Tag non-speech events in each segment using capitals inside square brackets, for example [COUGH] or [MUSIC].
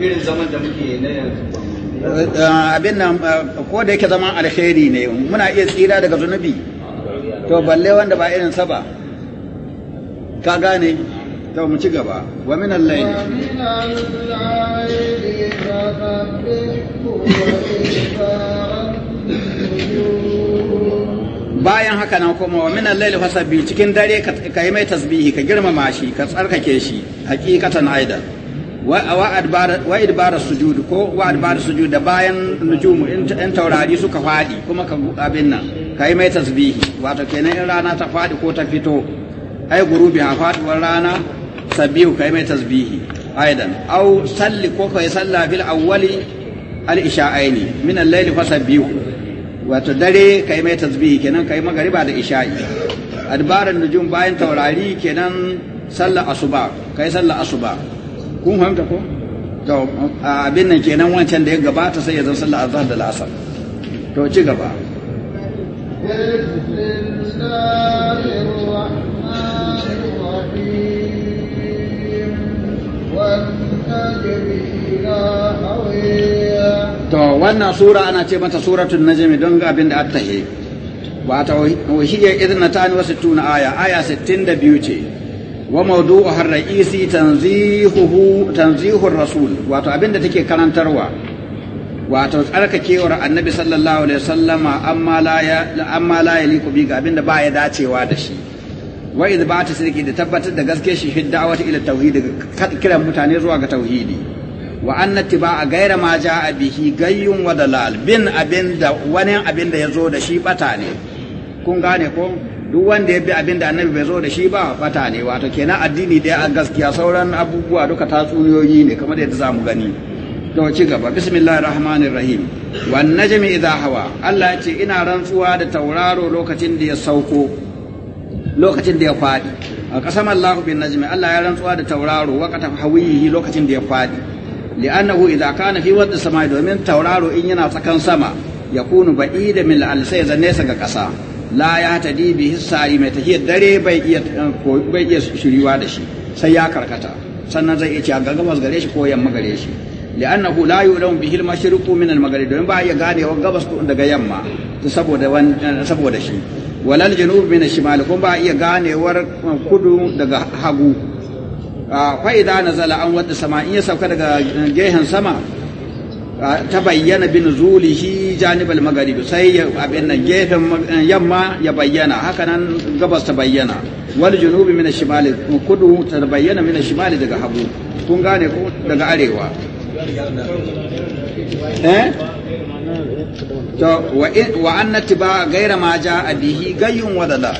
irin zaman da muke na abin nan eh, ko da yake zaman alheri ne muna iya tsira daga zunubi to balle wanda ba irin sa ba ka gane to mu ci gaba wa min al-layl wa bayan haka nan kuma wa minan laili fasabbi cikin dare ka yi mai tasbihi ka girmama shi ka tsarkake shi hakikatan aidan wa idbara sujud ko wa idbara sujud da bayan nujumu in taurari suka fadi kuma ka abin nan ka yi mai tasbihi wato kenan in rana ta fadi ko ta fito ai gurubi a faduwar rana sabihu ka yi mai tasbihi aidan au salli ko ka yi salla fil awwali al-isha'aini min al-layli fasabbihu wato dare kai mai tasbihi kenan kai magariba da isha'i adbaran nujum bayan taurari kenan sallar asuba kai sallar asuba kun fahimta ko to abin nan kenan wancan da ya gabata sai ya zama sallar azhar da la'asar to ci gaba والنجم إذا هوي to wannan sura ana ce mata suratul najm don ga abin da attahe wata wahiyya idna ta ni wasu tuna aya aya 62 ce wa mawdu'uha ar-ra'isi tanzihuhu tanzihu rasul wato abin da take karantarwa wato tsarkakewar annabi sallallahu alaihi wasallama amma la ya amma la liku bi ga abin da ba ya dacewa da shi wa idh ba ta sirki da tabbatar da gaske shi wata ila tauhid kiran mutane zuwa ga tauhidi wa anna a gaira ma ja'a bihi gayyun wa dalal bin abin da wani abin da yazo da shi bata ne kun gane ko duk wanda ya bi abin da annabi bai zo da shi ba bata ne wato kenan addini da a gaskiya sauran abubuwa duka tatsuniyoyi ne kamar yadda zamu gani to ci gaba bismillahir rahmanir rahim wan najmi idha hawa Allah ya ce ina rantsuwa da tauraro lokacin da ya sauko lokacin da ya fadi a kasam Allah bin najmi Allah ya rantsuwa da tauraro waqata hawiyi lokacin da ya fadi li'annahu idza kana fi wadda sama domin tauraro in yana tsakan sama yakunu ba'ida min al-alsay za nesa ga kasa la ya tadi bi hisari mai tahiyar dare bai iya bai iya shiriwa da shi sai ya karkata sannan zai iya ci ga gabas gare shi ko yamma gare shi li'annahu la yu'lamu bihi al-mashriqu min al-maghrib domin ba ya gane wa gabas daga yamma saboda saboda shi walal janub min al-shimal kuma ba iya ganewar kudu daga hagu fa na nazala an wadda sama in ya sauka daga eh, gehen sama ta bayyana bin zuli shi janibal magharibi sai abin nan gehen eh, yamma ya bayyana haka nan gabas ta bayyana wal junubi min shimali kudu ta bayyana min shimali daga hagu kun gane ko daga arewa eh to wa wa anna tiba gaira ma jaa bihi gayyun wadala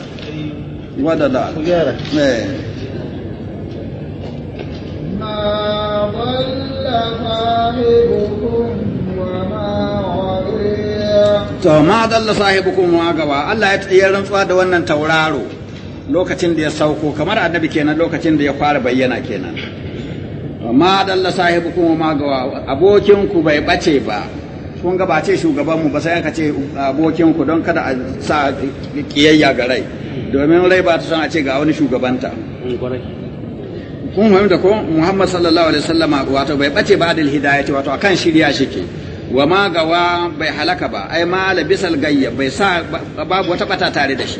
wadala eh to ma dalla sahibukum wa gaba Allah ya tsaye rantsuwa da wannan tauraro lokacin da ya sauko kamar annabi kenan lokacin da ya fara bayyana kenan ma dalla sahibukum wa gaba abokin ku bai bace ba kun ga bace shugaban mu ba sai aka ce uh, abokin ku don kada a sa kiyayya ga rai domin rai ba ta san a ce ga wani shugabanta mm, kun fahimta ko Muhammad sallallahu alaihi wasallam wato bai bace ba adil hidayati wato akan shirya shike wa ma gawa bai halaka ba ai ma labisal gayya bai sa babu wata bata tare da shi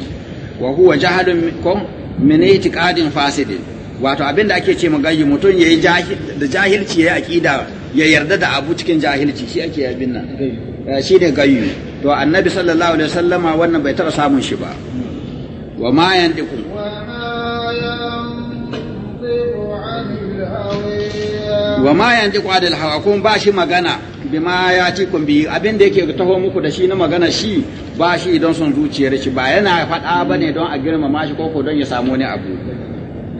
wa huwa jahalun ko min itiqadin fasidin wato abin da ake ce gayyi mutum yayi jahil da jahilci yayi aqida ya yarda da abu cikin jahilci shi ake yabin nan eh, shi ne gayyu to annabi sallallahu alaihi wasallama wannan bai taba samun shi ba wa ma yandiku wa ma yantiqu kwadil hawa kun ba shi magana bima ya ci kun bi abin da yake taho muku da shi na magana shi ba shi idan son zuciyar shi ba yana faɗa bane don a girmama shi koko don ya samu wani abu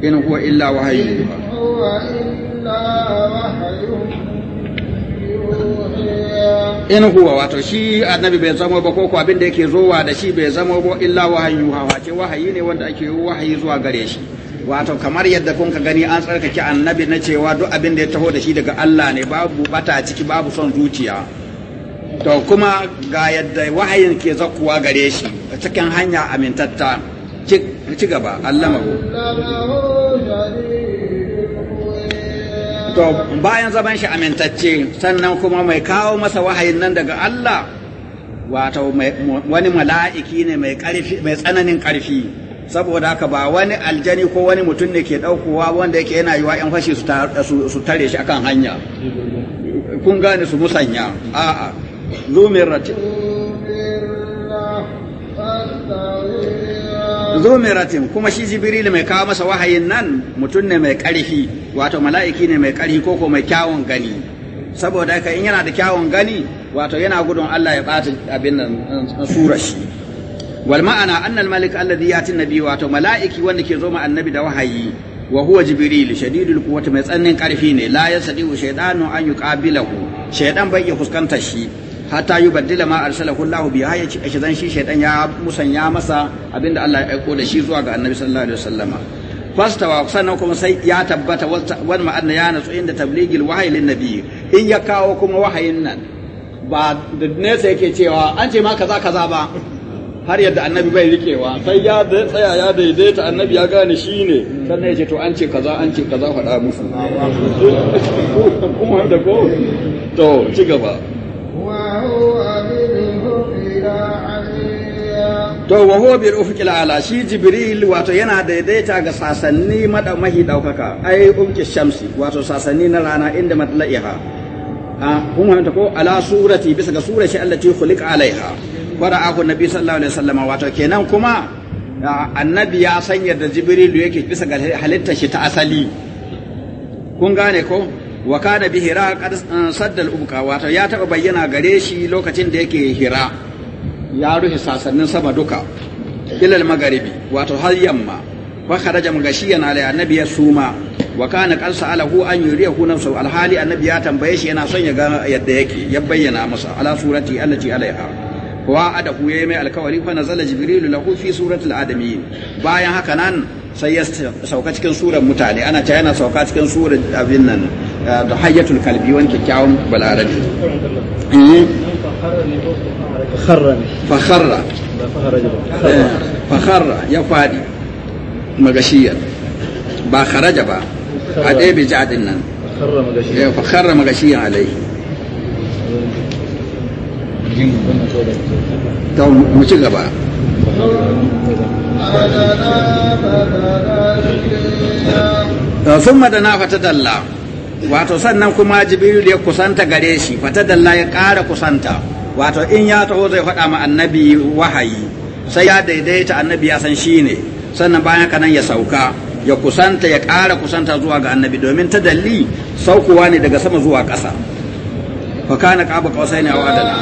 in huwa illa wahayi in huwa wato shi annabi bai zama ba koko abin da yake zowa da shi bai zama ba illa wahayi hawa ce wahayi ne wanda ake wahayi zuwa gare shi wato kamar yadda kun ka gani an tsarkake annabi na cewa duk abin da ya taho da shi daga Allah ne babu bata ciki babu son zuciya to kuma ga yadda wahayin ke zakkuwa gare shi a cikin hanya amintatta ci gaba allama to bayan zaman shi amintacce sannan kuma mai kawo masa wahayin nan daga Allah wato wani mala'iki ne mai tsananin ƙarfi saboda haka ba wani aljani ko wani mutum ne ke daukowa wanda yake yana yiwa ‘yan fashi su tare shi akan hanya kun gane su musanya a'a Zumin zumiratin kuma shi jibril mai kawo masa wahayin nan mutum ne mai ƙarfi wato mala'iki ne mai ƙarfi ko ko mai kyawun gani saboda haka in yana da kyawun gani wato yana gudun Allah ya ɓata abin nan sura shi wal ma'ana anna al malik alladhi yati nabi wato mala'iki wanda ke zo ma annabi da wahayi wa huwa jibril shadidul quwwati mai tsannin karfi ne la yasdiu shaytanu an yuqabilahu shaytan bai ya shi hatta yubaddila ma arsalahu Allah bi ya ci shi zan shi shaytan ya musanya masa abinda Allah ya aiko da shi zuwa ga annabi sallallahu alaihi wasallama fastawa sannan kuma sai ya tabbata wal ma'anna ya natsu inda tabligil wahayi lin nabi in ya kawo kuma wahayin nan ba da nesa yake cewa an ce ma kaza kaza ba har yadda annabi bai rikewa sai ya tsaya ya daidaita annabi ya gane shi ne sannan ya ce to an ce kaza an ce kaza faɗa musu [LAUGHS] kuma da ko to ci gaba to wa huwa bil ufqil ala shi jibril wato yana daidaita ga sasanni mada mahi daukaka ai umki shamsi wato sasanni na rana inda matla'iha ah, kuma ta ko ala surati bisa ga surati allati khuliqa alaiha wara'ahu nabi sallallahu alaihi wasallam wato kenan kuma annabi ya san yadda jibrilu yake bisa ga halittar shi ta asali kun gane ko wa kana bi hira qad eh, saddal ubqa wato ya taba bayyana gare shi lokacin da yake hira ya rufe sasannin sama duka ilal magharibi wato har yamma wa kharaja mugashiyan alai annabi ya suma wa kana qad sa'alahu an yuriyahu nafsu alhali annabi ya tambaye shi yana son ya ga yadda yake ya bayyana masa ala surati allati alaiha wa adahu yayi mai alkawari fa nazala jibrilu lahu fi suratul adamiyin bayan haka nan sai ya sauka cikin surar mutane ana cewa yana sauka cikin surar abin nan eh, da hayyatul kalbi wani kyakkyawan balarabi eh? fakharra fakharra eh, ya fadi magashiyar ba kharaja ba a ɗaya bi ja'adin nan fakharra magashiyar alai to mu ci gaba sun madana fata wato sannan kuma jibiru ya kusanta gare shi fata dalla ya ƙara kusanta wato in ya taho zai faɗa ma annabi wahayi sai ya daidaita annabi ya san shi ne sannan bayan kanan ya sauka ya kusanta ya ƙara kusanta zuwa ga annabi domin ta dalli saukowa ne daga sama zuwa ƙasa fa kana qaba qausaini aw adana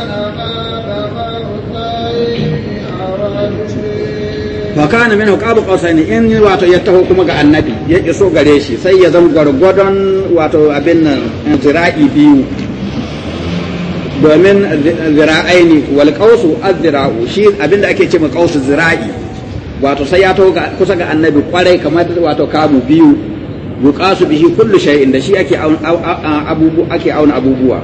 wa kana minhu qaba qausaini in wato ya taho kuma ga annabi ya iso gare shi sai ya zama gargwadon wato abin nan zira'i biyu domin zira'aini wal qausu az-zira'u shi da ake ce ma qausu zira'i wato sai ya taho kusa ga annabi kwarai kamar wato kamu biyu yuqasu bihi kullu shay'in da shi ake auna abubuwa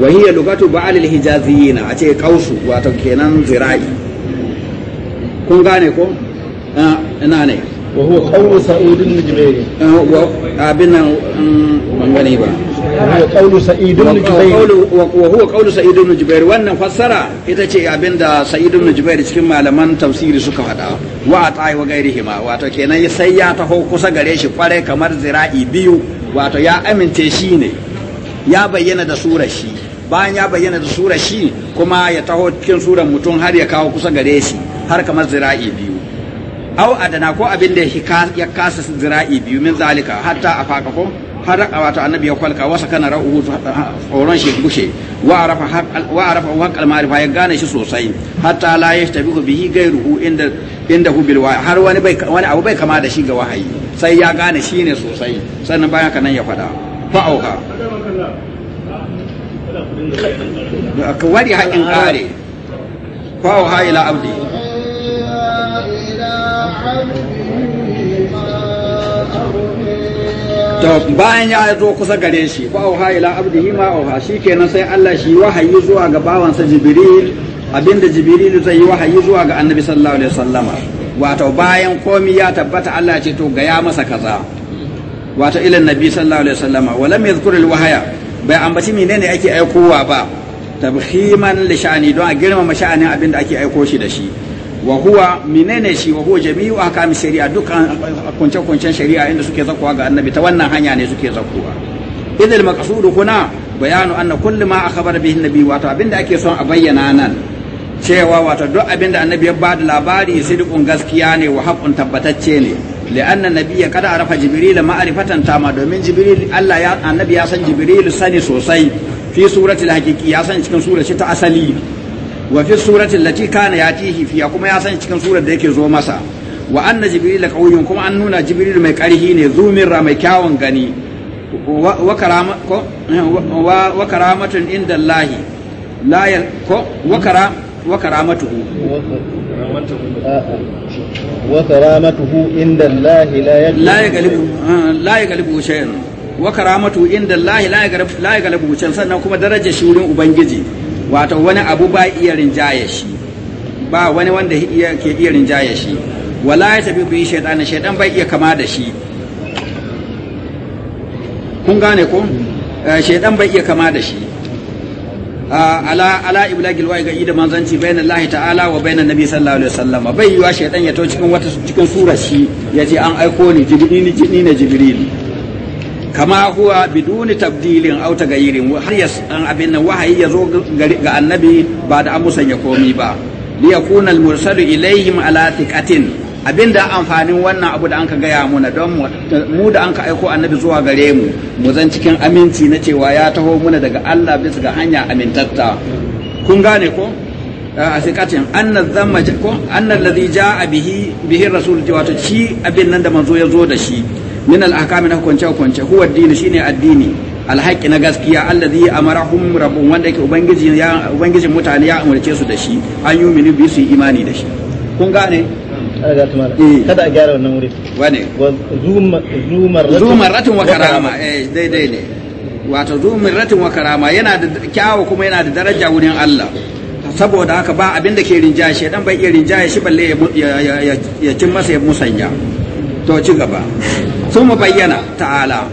wani ya lugatu ba'al hijaziyina a ce kausu wato kenan zira'i kun gane ko ah, ina ne wa huwa qawlu sa'id ibn ah, wa abin nan mm, ban gane ba qawlu sa'id ibn jubair wa huwa qawlu sa'id ibn wannan fassara ita ce abinda sa'id ibn cikin malaman tafsiri suka faɗa wa ta'i wa hima wato kenan sai ya taho kusa gare shi kware kamar zira'i biyu wato ya amince shi ne ya bayyana da surar shi bayan ya bayyana da sura shi kuma ya taho cikin surar mutum har ya kawo kusa gare shi har kamar zira'i biyu au adana ko abin da ya kasa zira'i biyu min zalika hatta a faka ko har wato annabi ya kwalka wasa kana ra'uhu tsoron shi gushe wa arafa wa arafa haqqal ma'rifa ya gane shi sosai hatta la yashtabihu bihi gairuhu inda inda hu bil har wani bai wani abu bai kama da shi ga wahayi sai ya gane shi ne sosai sannan bayan kanan ya fada fa'auha ka wari haƙin ƙare kwawo ha ila abdi to bayan ya zo kusa gare shi kwawo ha ila abdi ma auha shi kenan sai Allah shi wahayi zuwa ga bawansa jibril abinda jibril zai yi wahayi zuwa ga annabi sallallahu alaihi wasallama wato bayan komi ya tabbata Allah ce to ga ya masa kaza wato ilan nabi sallallahu alaihi wasallama wa lam yadhkur wahaya bai ambaci mene ne ake aikowa ba tabhiman li sha'ani don a girmama sha'anin abin da ake aiko shi da shi wa huwa menene shi wa huwa jami'u ahkam shari'a dukkan kunce kuncen shari'a inda suke zakuwa ga annabi ta wannan hanya ne suke zakuwa idil maqsudu kuna bayanu anna kullu ma akhbar bihi annabi wato abinda ake son a bayyana nan cewa wato duk abinda annabi ya ba da labari sidqun gaskiya ne wa haqqun tabbatacce ne لأن النبي قد عرف جبريل معرفة تامة من جبريل الله النبي يسن جبريل سني سوسي في سورة الحقيقية يسن cikin سورة ta asali wa fi surati allati kana yatihi fiya kuma ya san cikin surar da yake zo masa wa anna jibril qawiyyun kuma an nuna jibril mai karhi ne zumirra mai kyawun gani wa karama وكرامته karamatuhu الله لا la yaghlib la yaghlibu la yaghlibu shay'an wa karamatuhu inda Allah la yaghlibu la sannan kuma darajar shi wurin ubangiji wato wani abu ba iya rinjaye shi ba wani wanda ke iya rinjaye shi wala ya tafi bi shaytan shaytan ba iya kama da shi kun gane ko eh, shaytan ba iya kama da shi Ah, ala ala iblagil wa'i ga ida manzanci bayan Allah ta'ala wa bayan Nabi sallallahu alaihi wasallam bai yiwa shaytan ya to cikin wata cikin sura shi an aiko ni jibril ni ne jibril kama huwa biduni tabdilin aw tagayirin har ya an abin nan wahayi ya zo ga annabi ba da an musanya komi ba li yakuna al mursalu ilaihim ala thiqatin Abin da amfanin wannan abu da an ka gaya muna don mu da an ka aiko annabi zuwa gare mu mu zan cikin aminci na cewa ya taho muna daga Allah bisa ga hanya amintatta kun gane ko a sikatin anna zamma ko anna alladhi jaa bihi bihi rasul wato shi abin nan da manzo ya zo da shi min al ahkam na hukunce hukunce huwa addini shine addini alhaƙi na gaskiya allazi amarahum rabbun wanda yake ubangiji ya ubangiji mutane ya umarce su da shi an yuminu bi su imani da shi kun gane Eh. kada a gyara wannan wuri wane wa karama eh daidai karama yana da kuma yana da daraja wurin Allah saboda haka ba abin da ke rinjaye shi dan bai iya rinjaye shi balle ya cin masa ya musanya to ci gaba sun bayyana ta'ala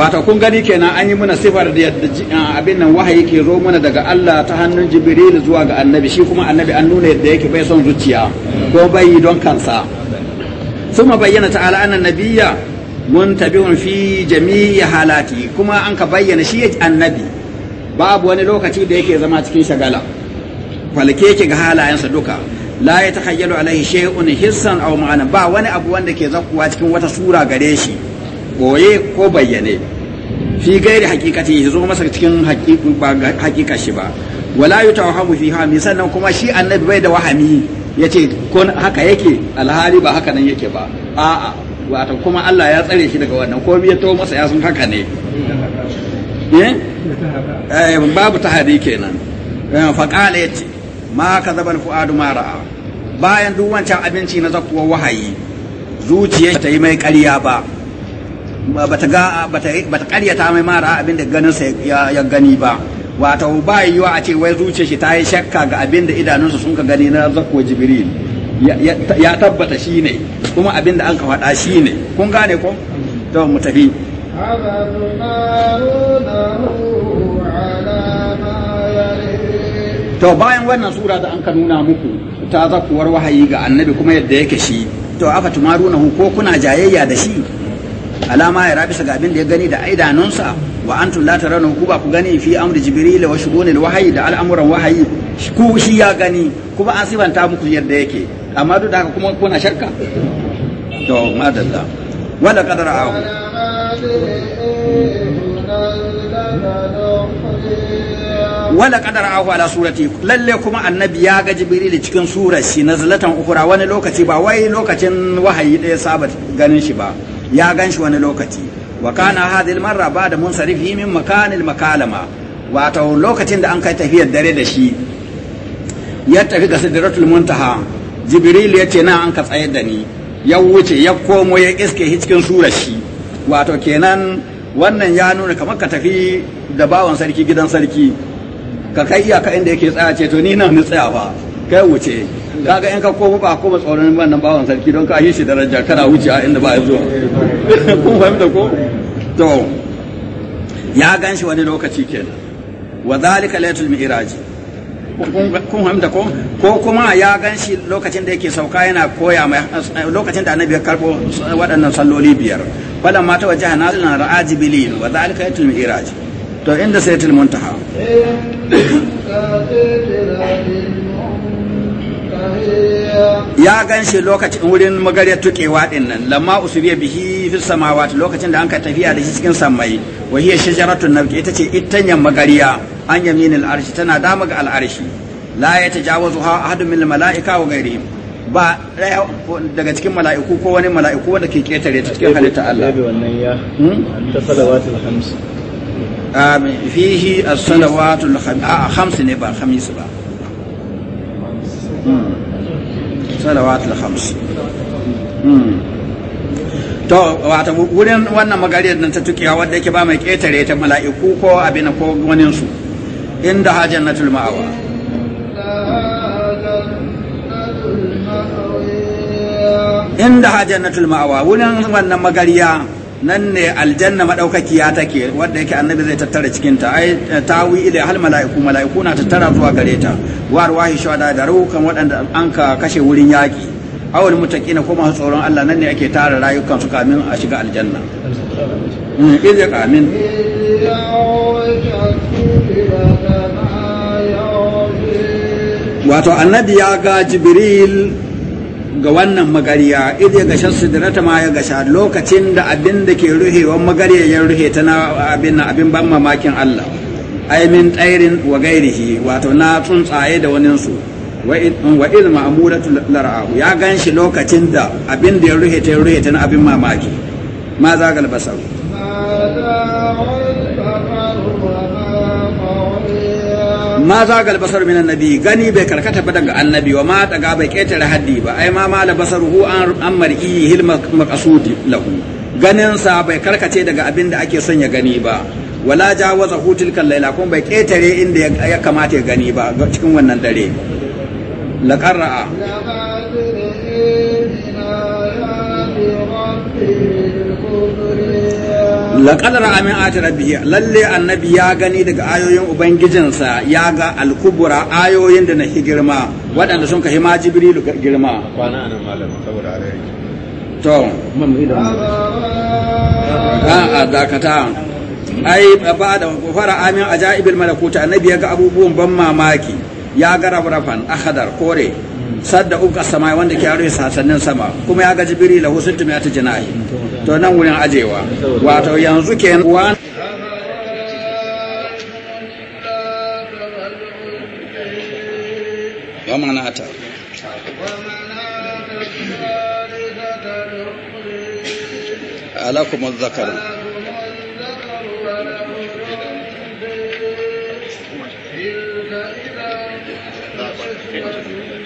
wato kun gani kenan an yi muna sifar da yadda abin nan wahayi ke zo mana daga Allah ta hannun Jibril zuwa ga Annabi shi kuma Annabi an nuna yadda yake bai son zuciya ko bai yi don kansa suma bayyana ta'ala anna nabiyya muntabihun fi jami'i halati kuma an ka bayyana shi annabi babu wani lokaci da yake zama cikin shagala falke yake ga halayensa duka la ya takhayyalu alaihi shay'un hissan aw ma'ana ba wani abu wanda ke zakuwa cikin wata sura gare shi ɓoye ko bayyane fi gairi hakikati ya zo masa cikin hakika shi ba wala yi wahamu fi hami sannan kuma shi annabi bai da wahami ya ce haka yake alhali ba haka nan yake ba a'a wata kuma Allah ya tsare shi daga wannan ko ya to masa ya sun haka ne eh? Eh, babu tahadi kenan eh, faqala yace ma kadhabal fuadu ma ra'a bayan duk wancan abinci na zakuwa wahayi zuciya ta yi mai ƙarya ba bata ga bata karyata mai mara abin da ya gani ba wato ba yiwa a ce wai zuce shi ta yi shakka ga abin da idanunsa sun ka gani na zakko jibril ya tabbata shi ne kuma abin an ka faɗa shi ne kun gane ko to mu tafi to bayan wannan sura da an ka nuna muku ta zakuwar wahayi ga annabi kuma yadda yake shi to aka tumarunahu ko kuna jayayya da shi alama ya rabisa ga abin da ya gani da idanunsa wa antum la tarawna ku ba ku gani fi amri jibril wa shubunil wahyi da al'amuran wahyi ku shi ya gani kuma an sibanta muku yadda yake amma duk da haka kuma kuna shakka to madalla wala qadara ra'ahu wala qadara ra'ahu ala surati lalle kuma annabi ya ga jibril cikin surar shi nazlatan ukhra wani lokaci ba wai lokacin wahayi da ya saba ganin shi ba ya gan shi wani lokaci wa kana hadhihi marra ba'da munsarifi min makanil makalama wato lokacin da an kai tafiyar dare da shi ya tafi ga sidratul muntaha jibril ya ce na an ka tsaye da ni ya wuce ya komo ya iske cikin surar shi wato kenan wannan ya nuna kamar ka tafi da bawan sarki gidan sarki ka kai iyaka inda yake tsaya ce to ni na ni tsaya fa kai wuce kaga in ka koma ba koma tsoron wannan bawan sarki don ka yi shi daraja kana wuce a inda ba ya zuwa [LAUGHS] kun fahimta ko to ya gan shi wani lokaci kenan wa zalika laytul mi'raj kun fahimta ko ko kuma ya gan shi lokacin da yake sauka yana koya mai lokacin da annabi ya karbo waɗannan salloli biyar falan mata wajaha nazilan ra'a jibilin wa zalika laytul mi'raj to inda sayatul muntaha eh, ya gan shi lokacin wurin magarya tukewa din nan lamma usubiya bihi fi samawati lokacin da an ka tafiya da shi cikin sammai wa hiya shajaratun nabki ita ce ittanyan magariya an yaminil arshi tana dama ga al'arshi la yatajawazu ahadun min malaika wa ghairihim ba daga cikin mala'iku ko wani mala'iku wanda ke ketare ta cikin halitta Allah hmm? ta salawatul khams fihi as-salawatul khams ne ba khamis ba salawat al-khams to wata wurin wannan magariyar nan ta tukiya wadda yake ba mai ƙetare ta mala'iku ko abin ko wani su inda ha jannatul ma'awa inda ha jannatul ma'awa wurin wannan magariya nan ne aljanna madaukakiya take wanda yake annabi zai tattara cikin ta ai tawi ila hal malaiku malaiku na tattara zuwa gare ta war wahi shada da rukan waɗanda an ka kashe wurin yaki awal mutaqina ko masu tsoron Allah nan ne ake tara rayukan su kamin a shiga aljanna mm, ya kamin wato annabi ya ga jibril ga wannan magariya idai ga da ta ma ya gasha lokacin da abin da ke wa magariya ya ruhe ta na abin abin ban mamakin Allah ai min tsairin wa gairihi wato na tsuntsaye da waninsu wa il Amuratu lar'ahu ya ganshi lokacin da abin da ya ruhe ta ruhe ta na abin mamaki ma za zagal basau ma za gal basar minan nabi gani bai karkata ba daga annabi wa ma daga bai ketare haddi ba ai ma mala basar hu an mar'i hil maqsud lahu ganin sa bai karkace daga abin da ake son ya gani ba wala jawaza hu tilkal laila kun bai ketare inda ya kamata ya gani ba cikin wannan dare laqarra laqad ra'a min ayati lalle annabi ya gani daga ayoyin ubangijinsa ya ga alkubura ayoyin da nahi girma waɗanda sun kai ma jibrilu girma kwana nan malam saboda to a dakata ai ba da fara amin ajaibil malakuta annabi ya ga abubuwan ban mamaki ya ga rabrafan akhadar kore sadda uka samai wanda ke yaro sasannin sama kuma ya ga jibrilu husuntum ya ta jinahi to nan wurin ajewa wato yanzu kenan wani ومناتا ألكم الذكر Thank you.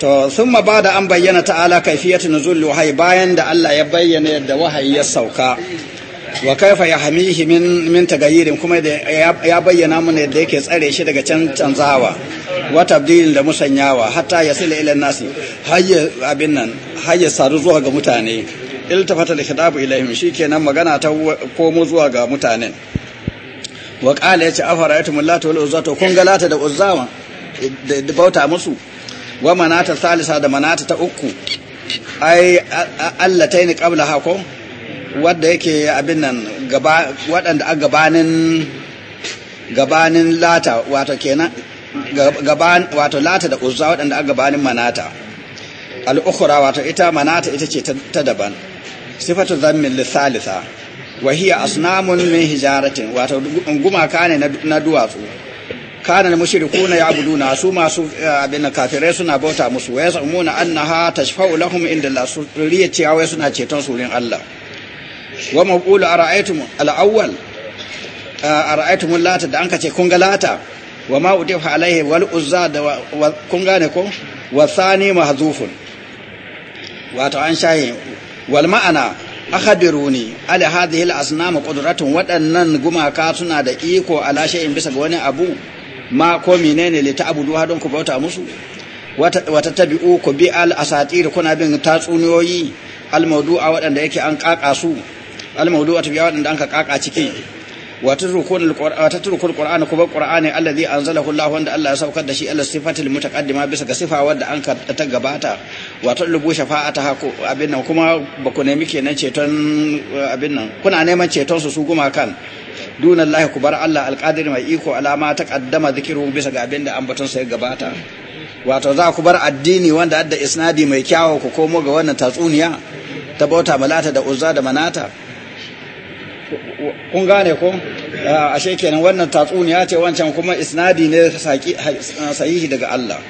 to sun ma ba da an bayyana ta'ala kaifiyatu nuzul wahayi bayan da Allah ya bayyana yadda wahayi ya sauka wa kaifa ya hamihi min min tagayirin kuma da ya bayyana mana yadda yake tsare shi daga can canzawa wa tabdilin da musanyawa hatta ya sila ila nasi hayya abin nan hayya saru zuwa ga mutane iltafata da kitabu ilaihim shikenan magana ta komo zuwa ga mutanen wa qala yace afara'atum lata wal uzza to kun galata da uzza da bauta musu wa manata salisa da manata ta uku ai allataini qabla hako wadda yake abin nan gaba wadanda a gabanin gabanin lata wato kenan gaban wato lata da uzza wadanda a gabanin manata al-ukhra wato ita manata ita ce ta daban sifatu zammin salisa wa hiya asnamun min hijaratin wato gumaka ne na duwatsu kana da mushrikuna ya'buduna su masu eh, abin kafirai suna bauta musu wa yasamuna annaha tashfa'u lahum inda la su riya wai suna ceton su wurin Allah wa maqulu ara'aytum al-awwal eh, ara'aytum lata da anka ce kun ga lata wa ma udifa alaihi wal uzza da kun gane ko wa thani mahzufun wato an shahi wal ma'ana akhbiruni ala hadhihi al asnam qudratun wadannan gumaka suna da iko ala shay'in bisa ga wani abu ma ko menene li ta'budu don ku bauta musu wata tabi'u ku bi al asatir kuna bin tatsuniyoyi al mawdu'a waɗanda yake an kaka su al mawdu'a tabi'a waɗanda an ka kaka ciki wata turkul qur'an kuma qur'ani allazi anzalahu Allah wanda Allah ya saukar da shi ala sifatil mutaqaddima bisa ga sifa wanda an ka ta gabata wata lubu shafa'ata haku abin nan kuma ba ku nemi kenan ceton abin nan kuna neman ceton su su gumakan duna ku bar Allah alqadir mai iko alama ta kaddama zikiru bisa ga abin da ambaton sai gabata wato za ku bar addini wanda adda isnadi mai kyawo ku komo ga wannan tatsuniya ta bauta malata da uzza da manata kun gane ko ah, ashe kenan wannan tatsuniya ce wancan kuma isnadi ne sahihi daga Allah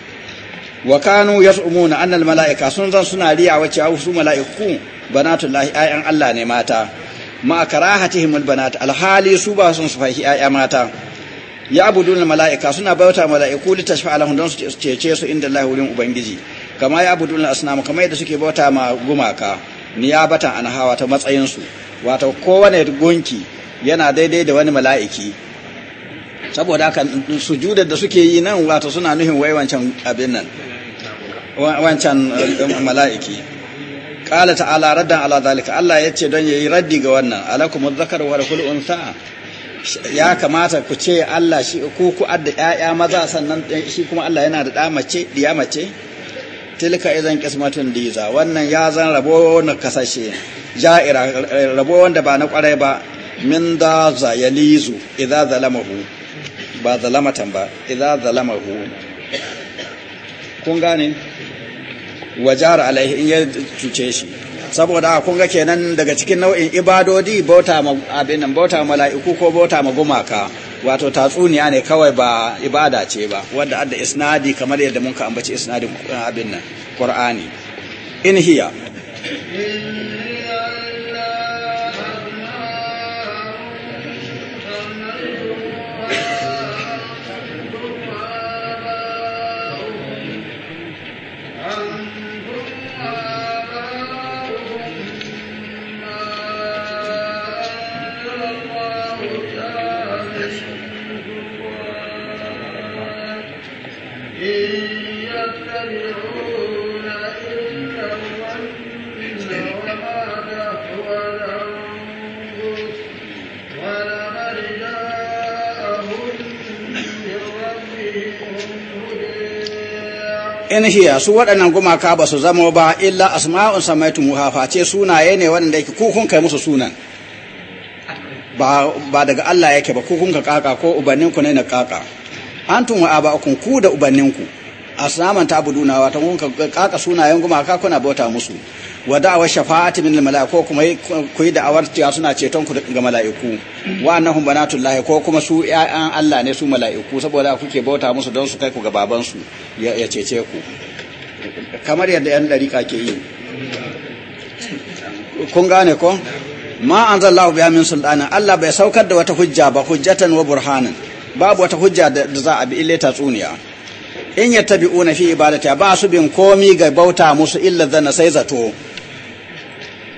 wa kanu yas'umuna annal mala'ika sun zan suna riya wace su mala'iku banatullahi ayan Allah ne mata ma karahatihim albanat alhali su ba sun su fahi ayya mata ya abudun mala'ika suna bauta mala'iku li tashfa alahum don su cece su inda Allah wurin ubangiji kama ya abudun asnam kama yadda suke bauta ma gumaka niyabatan an hawa ta matsayin su wato kowane gunki yana daidai da wani mala'iki saboda haka sujuda da suke yi nan wato suna nuhin wai wancan abin nan wancan um, mala'iki قال تعالى ردا على ذلك Allah يتي don يي raddi ga wannan alakum adh-dhakar wa lakul unsa ya kamata ku ce Allah shi ku ku adda ƴaƴa maza sannan shi kuma Allah yana da da mace diya mace tilka idan qismatun diza wannan ya zan rabo na kasashe ja'ira rabo wanda ba na kwarai ba min da za yalizu idza zalamahu ba zalamatan ba idza zalamahu kun gane wajar alaihi in ya cuce shi saboda kun ga kenan daga cikin nau'in ibadodi bauta ma abin nan bauta mala'iku ko bauta ma gumaka wato tatsuniya ne kawai ba ibada ce ba wanda adda isnadi kamar yadda mun ka ambaci isnadin abin nan qur'ani in hiya in hiya su waɗannan gumaka ba su zama ba illa asma'un samaitu ce sunaye ne waɗanda yake kukun kai musu sunan ba daga Allah yake ba kukun ka kaka ko ubannin ku ne na kaka antum wa aba'ukum ku da ubanninku asnaman tabuduna wata kun kaka sunayen gumaka kuna bauta musu wa da'awar shafa'ati min mala'iku kuma ku yi da'awar cewa suna ceton ku ga mala'iku wa annahum banatullahi ko kuma su ya'an Allah ne su mala'iku saboda kuke bauta musu don su kai ku ga baban su ya cece ku kamar yadda yan dariƙa ke yi kun gane ko ma anzalallahu biya min sultana Allah bai saukar da wata hujja ba hujjatan wa burhanan babu wata hujja da za a bi ille tatsuniya in ya una fi ibadata ba su bin komi ga bauta musu illa zanna sai zato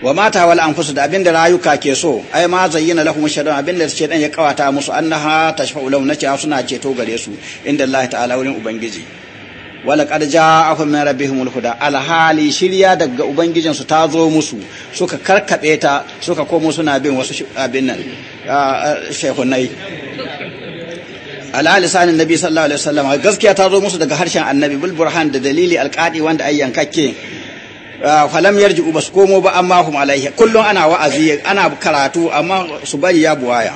wa mata wal anfusu da abinda rayuka ke so ai ma zayyana lahum shaytan abinda dan ya kawata musu annaha tashfa'u lahum nace suna ceto gare su inda Allah ta'ala wurin ubangiji wala qad ja'ahum min al huda al hali shirya daga ubangijin su ta zo musu suka karkabe ta suka komo suna bin wasu abin nan shekunai. ala lisanin nabi sallallahu alaihi wasallam gaskiya ta zo musu daga harshen annabi bil burhan da dalili alqadi wanda ai yankake ah, falam yarji'u bas komo ba amma hum alaihi kullun ana wa'azi ana karatu amma su bari ya buwaya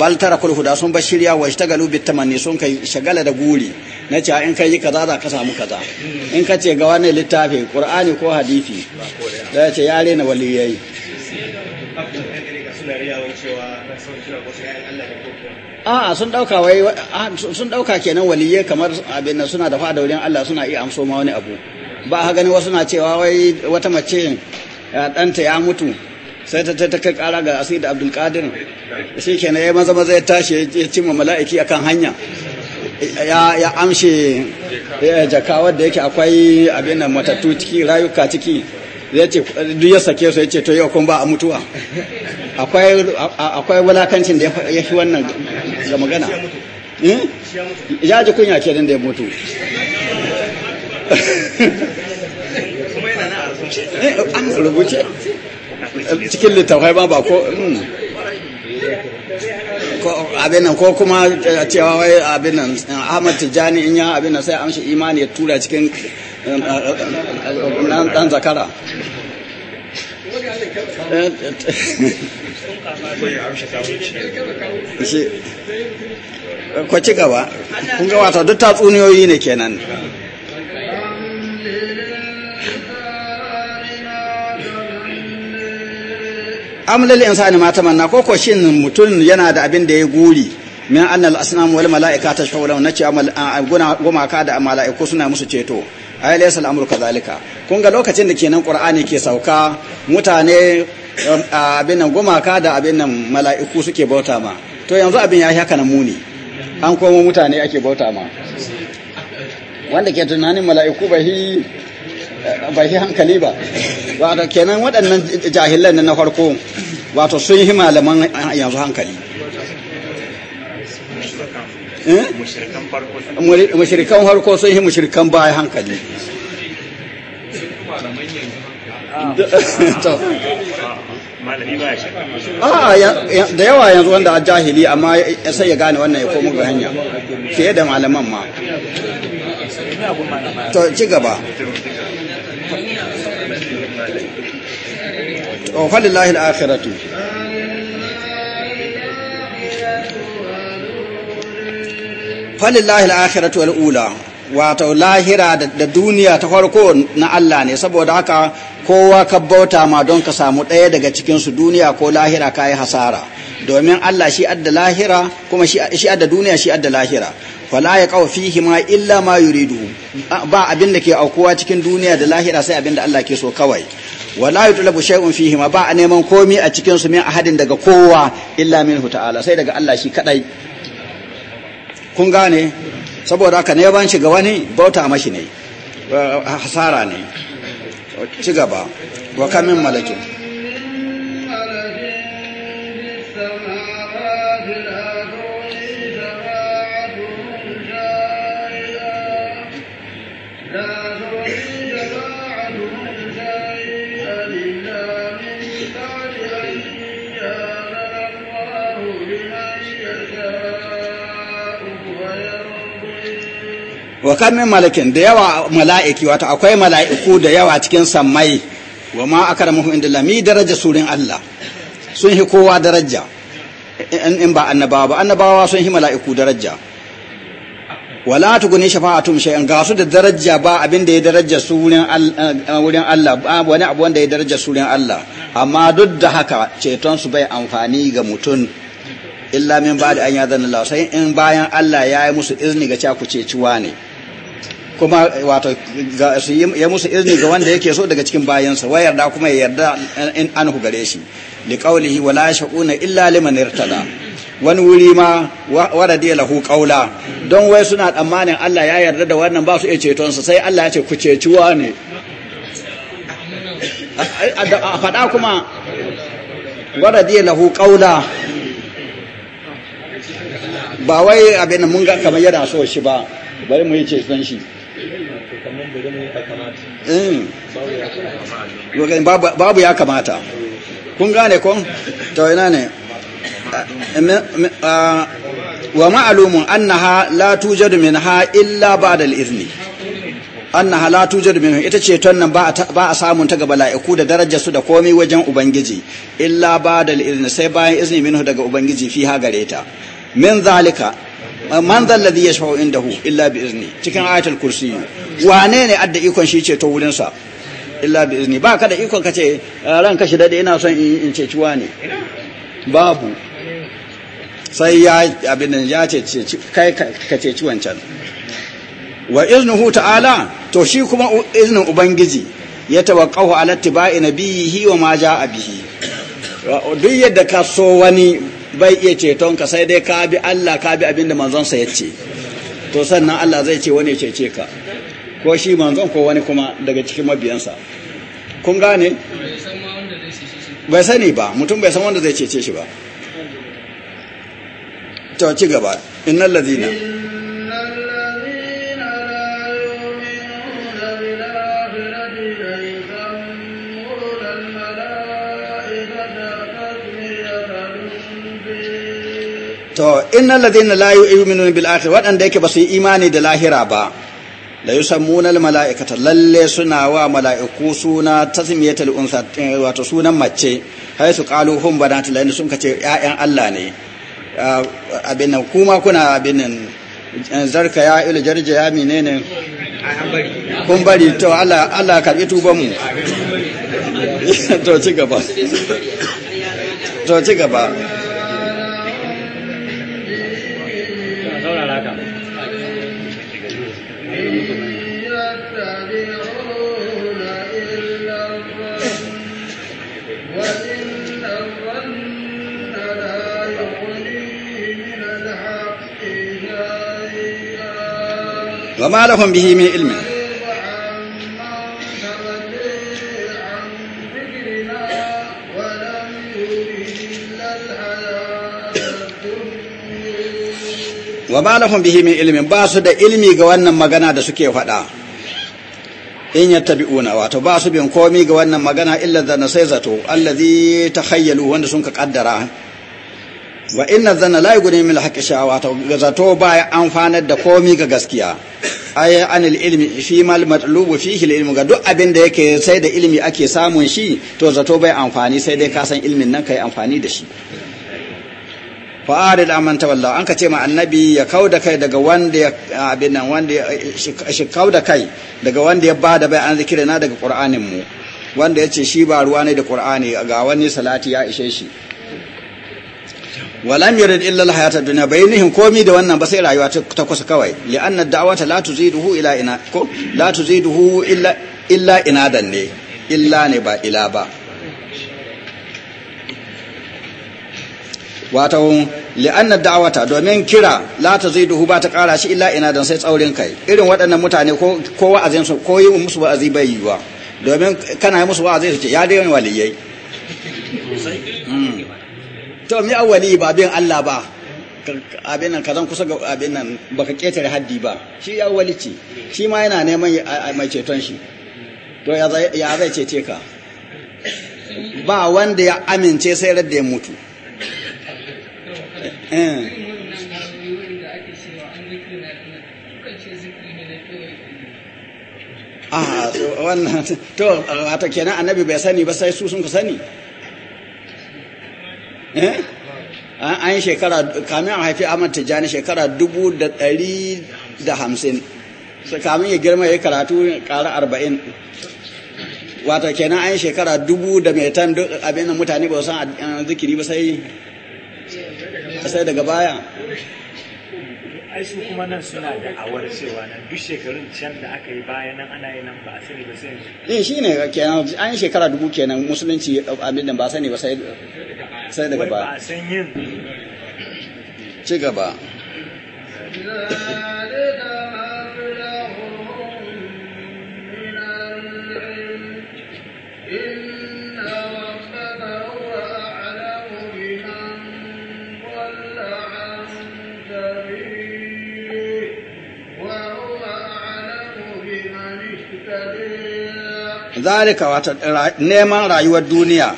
bal tarakul huda sun bar shirya wa ishtagalu bit tamanni sun kai shagala da guri na ce in kai kaza za ka samu kaza in ka ce ga wani littafi qur'ani ko hadisi da ya ce ya rena waliyai a'a sun dauka wai sun dauka kenan waliyye kamar abin suna da fada wurin Allah suna iya amso ma wani abu ba ha gani wasu na cewa wai wata mace danta eh, ya mutu sai ta ta kai kara ga asiri da abdul qadir shi kenan ya maza maza ya tashi ya cimma mala'iki akan hanya ya ya amshe jakawar da yake akwai abin nan matattu ciki rayuka ciki zai ce duk ya sake su ya ce to yau kun ba a mutuwa akwai wulakancin da ya fi wannan ga magana ya ji kunya ke da ya mutu an rubuce cikin littafai ba ba ko abin nan ko kuma cewa wai abin nan Ahmad tijjani in ya abin nan sai amshi imani ya tura cikin dan zakara ku ci gaba kun ga wata duk tatsuniyoyi ne kenan amlil insani ma ta ko ko shin mutum yana da abin da ya guri min annal asnam wal malaika tashawlaw na nace amal gumaka da mala'iku suna musu ceto ai laysa al-amru kadhalika kun ga lokacin da kenan qur'ani ke sauka mutane um, abin nan gumaka da abin nan mala'iku suke bauta ma to yanzu abin ya haka nan muni an koma mutane ake bauta ma wanda ke tunanin mala'iku ba hi ba hi hankali ba wato kenan waɗannan jahilan na farko wato sun yi malaman yanzu hankali Eh? mushirikan farko sun yi mushirikan baya hankali [LAUGHS] da yawa yanzu wanda a jahili amma ya sai ya gane wannan ya komo ga hanya fiye da malaman ma to ci gaba to falillahi al-akhiratu falillahi lahira wal ula wato lahira da duniya ta farko na Allah ne saboda haka kowa ka bauta ma don ka samu ɗaya daga cikinsu duniya ko lahira ka yi hasara domin Allah shi adda lahira kuma shi adda duniya shi adda lahira wala ya kawo fihi ma illa ma yuridu ba abin da ke aukuwa cikin duniya da lahira sai abin da Allah ke so kawai wala yutlabu shay'un fihi ma ba a neman komi a cikin su min ahadin daga kowa illa minhu ta'ala sai daga Allah shi kadai kun gane saboda haka ne ban shiga wani bauta mashi ne hasara ne ci gaba wa kamin malakin wa kamin min malakin da yawa mala'iki wato akwai mala'iku da yawa cikin sammai wa ma akramuhum inda lami daraja surin Allah sun hi kowa daraja in ba annabawa ba annabawa sun hi mala'iku daraja wala ta guni shafa'atum shay'an ga su da daraja ba abin da ya daraja surin eh, wurin Allah ba wani abu wanda ya daraja surin Allah amma duk da haka ceton su bai amfani ga mutum illa min ba da an yadda Allah sai in bayan Allah ya yi musu izini ga cewa ku ciwa ne kuma wato su ya musu izini ga wanda yake so daga cikin bayansa wa yarda kuma ya yarda in an gare shi li qawlihi la shaquna illa liman irtada wani wuri ma waradi lahu qawla don wai suna tsammanin Allah ya yarda da wannan ba su iya ceton sa sai Allah ya ce ku wa ne a fada kuma waradi lahu qawla ba wai abin mun ga kamar yana so shi ba bari mu yi ceton shi Eh. babu ya kamata kun gane kun to ina ne eh, ah, wa ma'alumun annaha la tujadu minha illa ba'da al-izni annaha la tujadu minhu ita ce ton nan ba a samun ta ga bala'iku da darajar su da komai wajen ubangiji illa ba'da al-izni sai bayan izini minhu daga ubangiji fi ha gare ta min zalika Uh, man ya shafa inda hu illa bi izini cikin ayatul kursi wane ne adda ikon shi ce to wurinsa? illa bi izini ba ka da ikon ka ce ah, ran ka shi dade ina son in ce ciwa ne babu sai ya abin ya ce kai ka ce ciwon can wa iznuhu ta'ala to shi kuma iznin ubangiji ya tawaqqahu ala tibai nabiyhi wa ma jaa bihi duk yadda ka so wani bai iya ceton ka sai dai ka bi Allah ka bi abinda manzonsa ya ce to sannan Allah zai ce wani cece ka ko shi manzon ko wani kuma daga cikin mabiyansa kun gane bai sani ba mutum bai san wanda zai cece shi ba to ci gaba innal ladina to innal ladina la yu'minuna bil akhir wadanda yake basu yi imani da lahira ba la yusammuna al malaikata lalle suna wa malaiku suna tasmiyatul unsa wato sunan mace hay su qalu hum banatul lain sun kace yayan Allah ne abin nan kuma kuna abin nan zarka ya ilu jarje ya menene kun bari to Allah Allah bi tuban mu [LAUGHS] to ci gaba to ci gaba فما لهم به من علم wa ma bihi min ba su da ilmi ga wannan magana da suke faɗa in yattabi'una wato ba su bin komi ga wannan magana illa dhanna sai zato allazi takhayyalu wanda sun ka kaddara wa inna dhanna la yughni min al sha wato zato ba ya amfanar da komi ga gaskiya aya anil ilmi fi mal matlubu fihi al ilmu ga duk abin da yake sai da ilmi ake samun shi to zato bai amfani sai dai ka san ilmin nan kai amfani da shi fa'ari da amanta wallahu an ka ce ma annabi ya kauda da kai daga wanda ya abin nan wanda ya shi kauda da kai daga wanda ya bada bai an zikira na daga qur'anin mu wanda yace shi ba ruwa ne da qur'ani ga wani salati ya ishe shi walam yurid illa alhayata ad-dunya bayinihim komi da wannan ba sai rayuwa ta kusa kawai li'anna ad-da'wata la tuziduhu ila ina ko la tuziduhu illa illa inadan ne illa ne ba ila ba wato li'anna da'awata domin kira la ta duhu ba ta kara shi illa ina dan sai tsaurin kai irin waɗannan mutane ko ko wa'azin su ko yi musu wa'azi bai yi ba domin kana musu wa'azi su ce ya dai wani waliyai to mi awwali ba bin Allah ba abin nan kazan kusa ga abin nan baka ketare haddi ba shi ya wali ce shi ma yana neman mai ceton shi to ya zai cece ka ba wanda ya amince sai radda ya mutu eh. a ah, wannan to wata kenan annabi bai sani ba sai su sun ka sani Eh? an yi shekara kamin a haifi Ahmad Tijjani shekara dubu da ɗari da hamsin kamin ya girma ya karatu kara arba'in wata kenan an shekara dubu da mai tan abin da mutane ba san zikiri ba sai daga baya ai su kuma nan suna da awar cewa nan duk shekarun can da aka yi bayan nan ana yi nan ba a sani ba sai eh shine kenan an shekara dubu kenan musulunci ya abin da ba sani ba sai sai daga ba ba san yin ci gaba zalika wato neman rayuwar duniya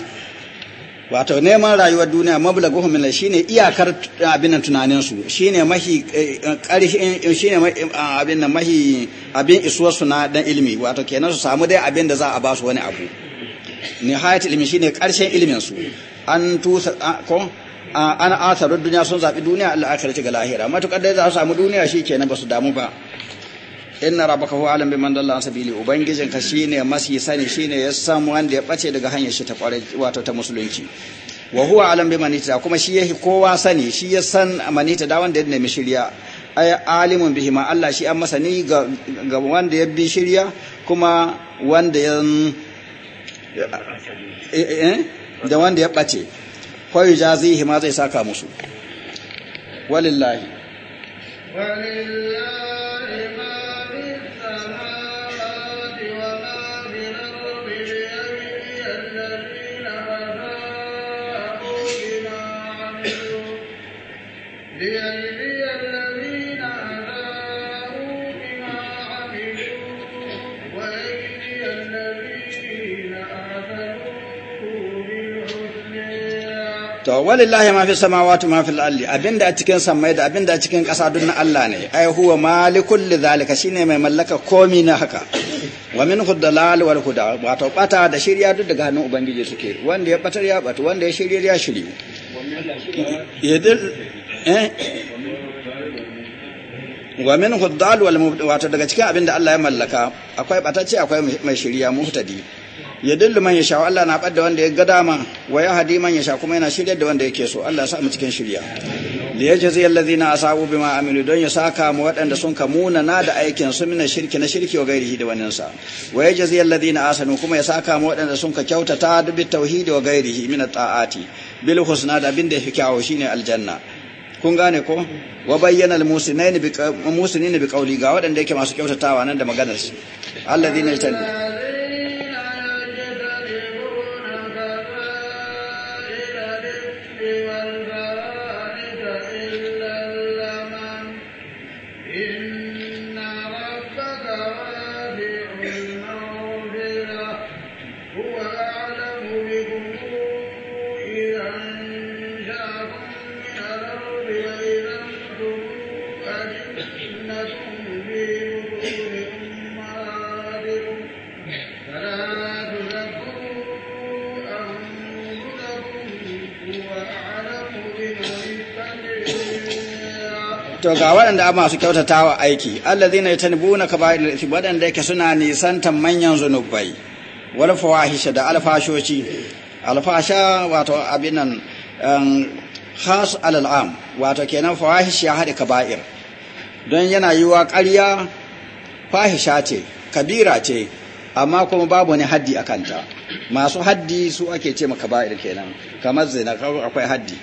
wato neman rayuwar duniya mablaguhum min shine iyakar abin tunanin su shine mahi karshen shine abin nan mahi abin isuwar su na dan ilimi wato kenan su samu dai abin da za a ba su wani abu nihayat ilimi shine karshen iliminsu su an tusa ko an asarar duniya sun zabi duniya al-akhirati ga lahira matukar dai za su samu duniya shikenan ba su damu ba inna rabbaka huwa alam biman dalla an sabili ubangijin ka shine masi sani shine ya san wanda ya bace daga hanyar shi ta kware wato ta musulunci wa huwa alam biman ita kuma shi yake kowa sani shi ya san amanita da wanda ya nemi shirya ay alimun bihi ma Allah shi an masani ga ga wanda ya bi shirya kuma wanda ya eh, eh, da wanda ya bace fa yujazihi ma zai saka musu walillahi walillahi to walillahi ma fi samawati ma fil ardi abinda a cikin samai da abinda a cikin kasa duk na Allah ne ai huwa malikul lidhalika shine mai mallaka komi na haka wa min khuddalal wal huda wato bata da shirya duk daga hannun ubangiji suke wanda ya batar ya bata wanda ya shirya ya shiri. yadil eh wa min khuddal wal wato daga cikin abinda Allah ya mallaka akwai batace akwai mai shirya muhtadi ya dillu man ya sha Allah na fadda wanda ya ga dama wa ya hadi man ya sha kuma yana shirya da wanda yake so Allah ya sa mu cikin shirya li yajzi alladhina asabu bima amilu don ya saka mu waɗanda sun ka muna na da aikin su mina shirki na shirki wa gairihi da wannan sa wa yajzi alladhina asanu kuma ya saka mu waɗanda sun ka kyautata bi tauhidi wa gairihi mina ta'ati bil husna da abin da yake kyawo shine aljanna kun gane ko wa bayyana al-musinina bi qawli ga waɗanda yake masu kyautatawa nan da maganar shi alladhina yajtanibu to ga waɗanda masu su kyautata wa aiki allazina yatanbuna kaba'ir ithmi waɗanda yake suna nisantan manyan zunubai wal fawahisha da alfashoci alfasha wato abin nan um, khas al am wato kenan fawahish ya hada kaba'ir don yana yiwa ƙarya fahisha ce kabira ce amma kuma babu ne haddi a kanta masu haddi su ake ce ma kaba'ir kenan kamar zina akwai haddi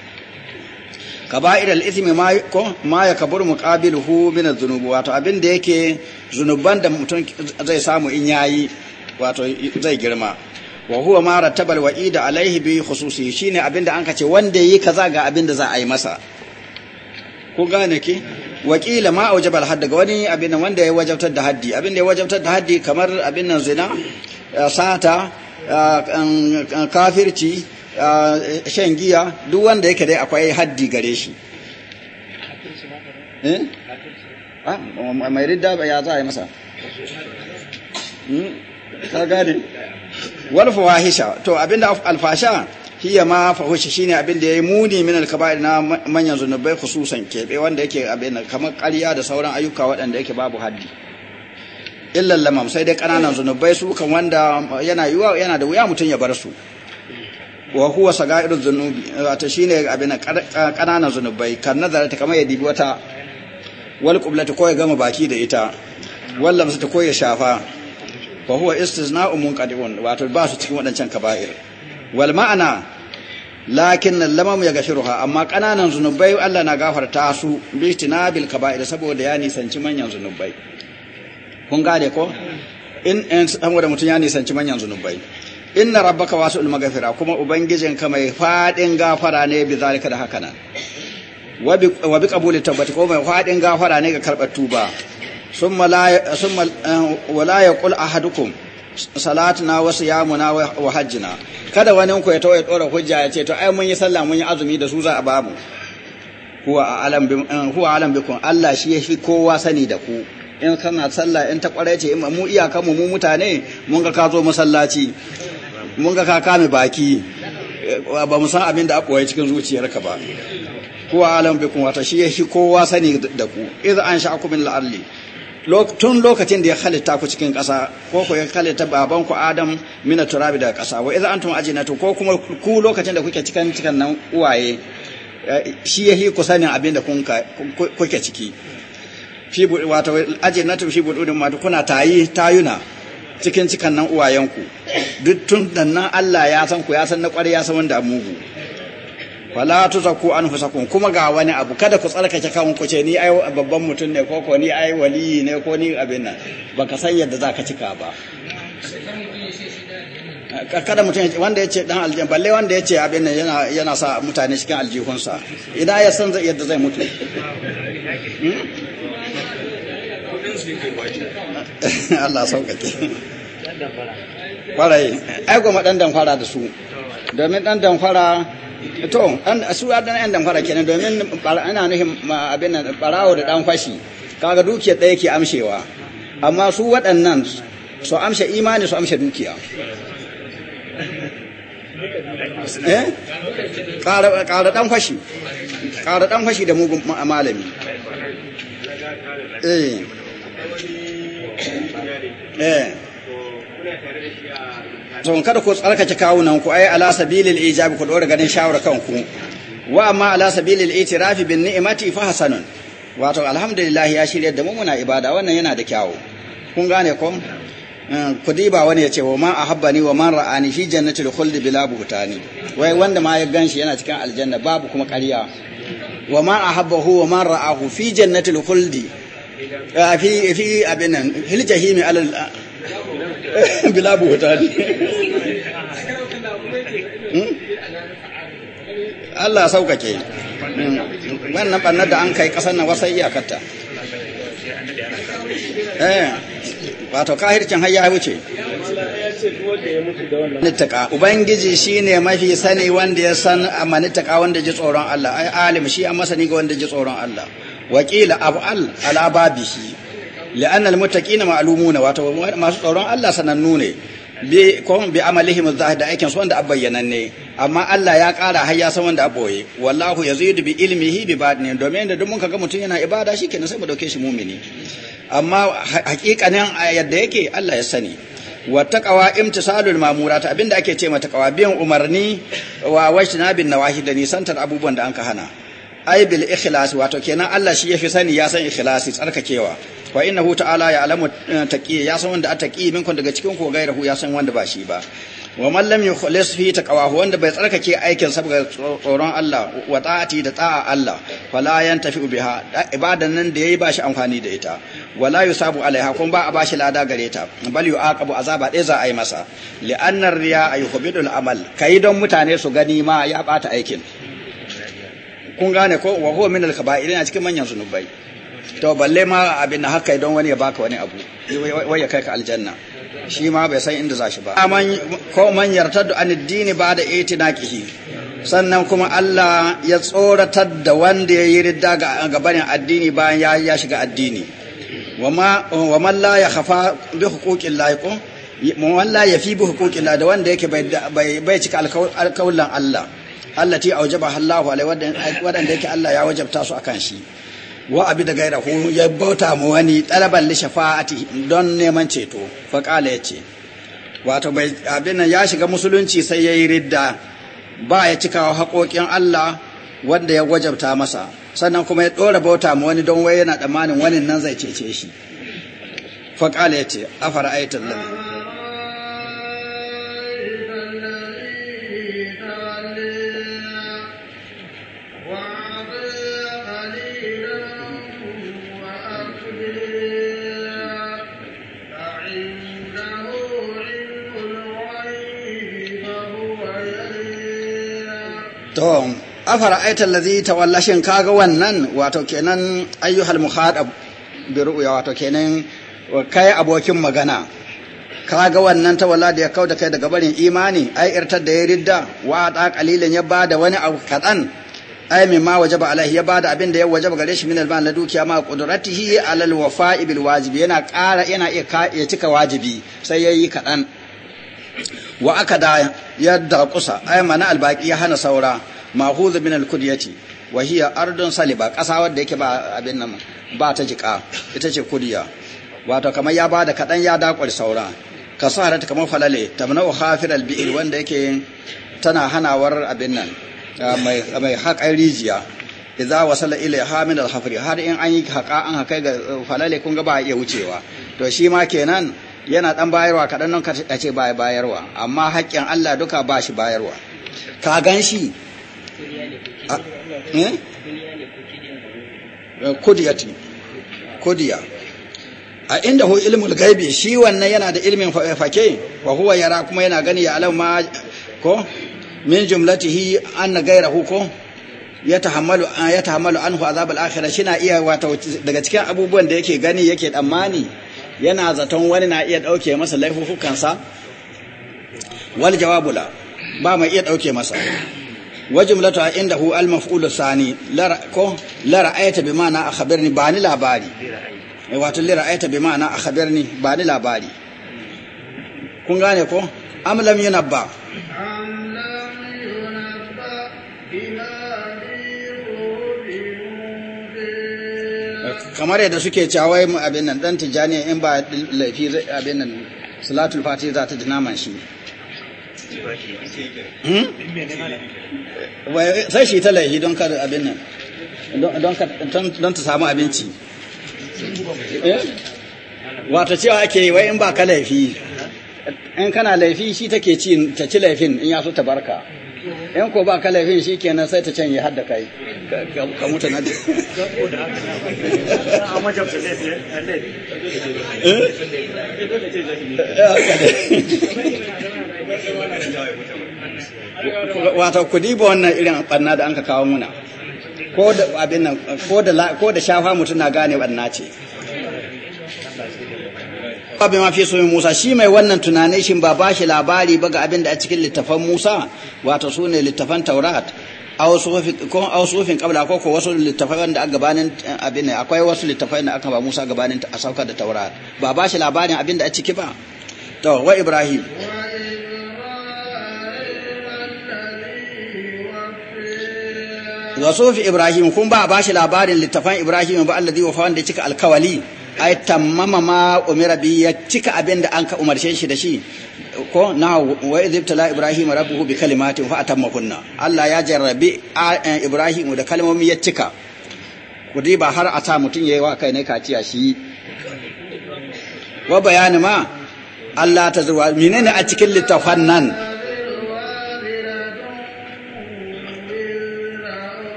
kaba'ir al ithmi ma ko ma yakbur muqabiluhu min adh-dhunub wato abin da yake zunuban da mutum zai samu in yayi wato zai girma wa huwa ma rattaba al-wa'id alayhi bi khususi shine abin da an kace wanda yi kaza ga abin da za a yi masa ko gane ki wakila ma aujaba al-hadd ga wani abin wanda ya wajabtar da haddi abin da ya wajabtar da haddi kamar abin nan zina sata kafirci Uh, shan giya duk wanda yake dai akwai haddi gare shi eh? ah, mai ridda ya za a yi masa ta hmm? gane walfa wahisha to abinda alfasha hiya ma fahushi shine abinda ya yi muni min alkaba'ir na manyan zunubai khususan kebe wanda yake abin kamar ƙarya da sauran ayyuka waɗanda yake babu haddi illallama sai dai ƙananan zunubai su kan wanda yana yana da wuya mutum ya bar su wa huwa sagairu zunubi wato shine abin kananan zunubai kan ta kamar ya dibi wata wal qiblati ko ya gama baki da ita walla musu ta ko ya shafa wa huwa istizna'u munqadi'un wato ba su cikin wadancan kaba'ir wal ma'ana lakin lamam ya gashiruha amma kananan zunubai Allah na gafarta su bi tinabil kaba'ir saboda ya nisanci manyan zunubai kun gane ko in an saboda mutun ya nisanci manyan zunubai inna rabbaka wasu magafira kuma ubangijin ka mai fadin gafara ne bi zalika da haka nan wa bi qabuli tabbati ko mai fadin gafara ne ga karbar tuba summa la summa eh, wala yaqul ahadukum salatuna wa siyamuna wa hajjina kada wani ku ya tawaye dora hujja ya ce to ai mun yi sallah mun yi azumi da su za a babu huwa alam bi eh, huwa alam bikum Allah shi yafi kowa sani da ku in kana sallah in ta kwarai ce in mu iyaka mu mutane mun ga ka zo masallaci mun ga ka kame baki eh, ba mu san abin da a koyi cikin zuciyarka ba kuwa alam kun wata shi yahi kowa sani da ku idza an sha'akum min la'alli tun lokacin da ya halitta ku cikin ƙasa ko ku ya halitta baban ku Adam mina turabi daga ƙasa wa idza antum ajinatu ko kuma ku lokacin da kuke cikin cikan nan uwaye eh, shi yahi ku sanin abin da kuke ciki fi wato na fi bududin mata kuna tayi tayuna cikin cikan nan uwayenku duk tun nan Allah ya san ku ya san na kware ya san wanda mugu fala tuzaku anfusakum kuma ga wani abu kada ku tsarkake kan ku ce ni ai babban mutum ne ko ko ni ai waliyi ne ko ni abin nan baka san yadda zaka cika ba kada mutum wanda ya ce dan aljihun balle wanda ya ce abin nan yana yana sa mutane cikin aljihunsa idan ya san yadda zai mutu hmm? [LAUGHS] Allah sauƙaƙe kwarai ai goma ɗan damfara da su domin ɗan damfara to su ɗan ɗan damfara kenan domin ana nufin abin nan ɓarawo da ɗan fashi kaga dukiyar ɗaya ke amshewa amma su waɗannan su amshe imani su amshe dukiya [LAUGHS] eh? ƙara ɗan fashi ƙara ɗan fashi da mugun malami eh Eh. kada ku tsarkake kawunan ku ai ala sabilil ijabi ku dora ganin shawara kanku wa amma ala sabilil itirafi bin ni'mati fa hasanun wato alhamdulillah ya shirye da mu muna ibada wannan yana da kyawu kun gane ko eh, ku diba wani ya ce wa man ahabbani wa man ra'ani fi jannatil khuld bila buhtani wai wanda ma ya ganshi yana cikin aljanna babu kuma ƙarya wa man ahabbahu wa man ra'ahu fi jannatil khuld Ah, fi fi abin nan hil jahimi alal [LAUGHS] bila hmm? Allah saukake hmm. wannan bannar da an kai kasar na wasa iyakarta eh wato kahircin har ya wuce nittaka ubangiji shine mafi sani wanda ya san amanittaka wanda ji tsoron Allah ai alim shi a masani ga wanda ji tsoron Allah wakila أفعل alababihi بابه لأن المتقين معلومون واتو ما تقولون الله سننوني bi kon bi amalihim zahid aikin su wanda abbayyana ne amma Allah ya kara har ya san wanda aboye wallahu yazidu bi ilmihi bi badni domin da duk mun kaga mutun yana ibada shikenan sai mu dauke shi mumini amma hakikanin yadda yake Allah ya sani wa taqwa imtisalul mamurat abinda ake ce mata taqwa biyan umarni wa wajtinabin nawahi da nisantar abubuwan da an ka hana ai bil ikhlas wato kenan Allah shi yafi sani ya san ikhlasi tsarkakewa wa innahu ta'ala ya alamu eh, taqi ya san wanda ataqi minkum daga cikin ku hu ya san wanda ba shi ba wa man lam yukhlis fi wanda bai tsarkake aikin saboda tsoron Allah wa ta'ati da ta'a Allah fala yantafi biha ibadan nan da yayi ba shi amfani da ita wala yusabu alaiha kun ba a bashi lada gare ta bal yu'aqabu azaba dai za a yi masa li'anna riya yuhbidul amal kai don mutane su gani ma ya bata aikin kun gane ko wa huwa min al-kaba'ir yana cikin manyan zunubai to balle ma abin da haka idan wani ya baka wani abu wai ya kai ka aljanna shi ma bai san inda za shi ba ko man yartaddu an addini ba da itinaqihi sannan kuma Allah ya tsoratar da wanda ya yi ridda ga gabanin addini bayan ya shiga addini wa wama la ya khafa bi huquqin laikum man ya fi bi huquqin da wanda yake bai bai cika alkawlan Allah allati aujaba Allahu alai wadanda yake Allah ya wajabta su akan shi wa abi da gaira ko ya bauta mu wani talaban li shafa'ati don neman ceto fa qala yace wato bai abin ya shiga musulunci sai yayi ridda ba ya cikawa haƙoƙin Allah wanda ya wajabta masa sannan kuma ya dora bauta mu wani don wai yana tsammanin wani nan zai cece shi fa qala yace afara'aita allazi to afara aita allazi tawalla shin kaga wannan wato kenan ayyuhal muhadab bi wato kenan kai abokin magana kaga wannan tawalla da ya da kai daga barin imani ai irtar da ya ridda wa ta qalilan ya bada wani abu kadan ai min ma wajaba alaihi ya bada abin da ya wajaba gare shi min alban na dukiya ma qudratihi alal wafa'i bil wajibi yana ƙara yana iya cika wajibi sai yayi kaɗan wa akada yadda dakusa ayama mana albaki ya hana saura mahuz min alkudiyati wa hiya ardun saliba kasa wanda yake ba abin nan ba ta jika ita ce kudiya wato kamar ya bada kadan ya dakwar saura ka saharat kamar falale wa khafir albi'r wanda yake tana hanawar abin nan mai mai rijiya idza wasala ila hamil alhafri har in an yi haƙa an haƙai ga falale kun ga ba iya wucewa to shi ma kenan yana dan bayarwa kaɗan nan ka ce baya bayarwa amma haƙƙin Allah duka ba shi bayarwa ka gan shi eh? eh, kudiya a inda hu ilmul gaibi shi wannan yana da ilmin fake wa huwa yara kuma yana gani ya alama ko min jumlatihi anna gairahu ko ya tahammalu ya tahammalu anhu azab al-akhirah na iya wata daga cikin abubuwan da yake gani yake tsammani yana zaton wani na iya ɗauke masa laifukansa wal jawabu la ba mai iya ɗauke masa wa jumlatu inda hu al maf'ul sani ko la ra'ayta bi ma'ana akhbirni ba ni labari wato la ra'ayta bi ma'ana akhbirni ba ni labari kun gane ko am lam yunabba kamar yadda suke cawai mu abin nan dan tijani in ba laifi abin nan salatul fati za ta man shi hmm? sai shi ta laifi don kar abin nan don ta samu abinci eh? wata cewa ake yi wai in ba ka laifi in kana laifi shi take ci ta ci laifin in ya so ta barka in ko ba ka laifin shi kenan sai ta canye har kai ka mutu na da eh, wata ku wannan irin barna da an ka kawo muna ko ko da shafa mutum na gane barna ce ba ma fi soyin Musa shi mai wannan tunanin shi ba bashi labari ba ga abin da a cikin littafan Musa wato su ne littafan Taurat aw sufin kabla ko ko wasu littafai wanda aka gabanin abin ne akwai wasu littafai da aka ba Musa gabanin a saukar da Taurat ba bashi labarin abin da a ciki ba to wa Ibrahim wa sufi Ibrahim kun ba bashi labarin littafan Ibrahim ba alladhi wafa wanda cika alkawali ai tammama ma umira bi ya cika abin da an ka umarce shi da shi ko na wa izibtala ibrahim rabbuhu bi kalimatin fa kunna Allah ya jarrabi eh, ibrahim da kalmomi ya cika kudi ba har a sa mutun yayi wa kai ne kaciya shi wa bayani ma Allah ta zuwa menene a cikin littafan nan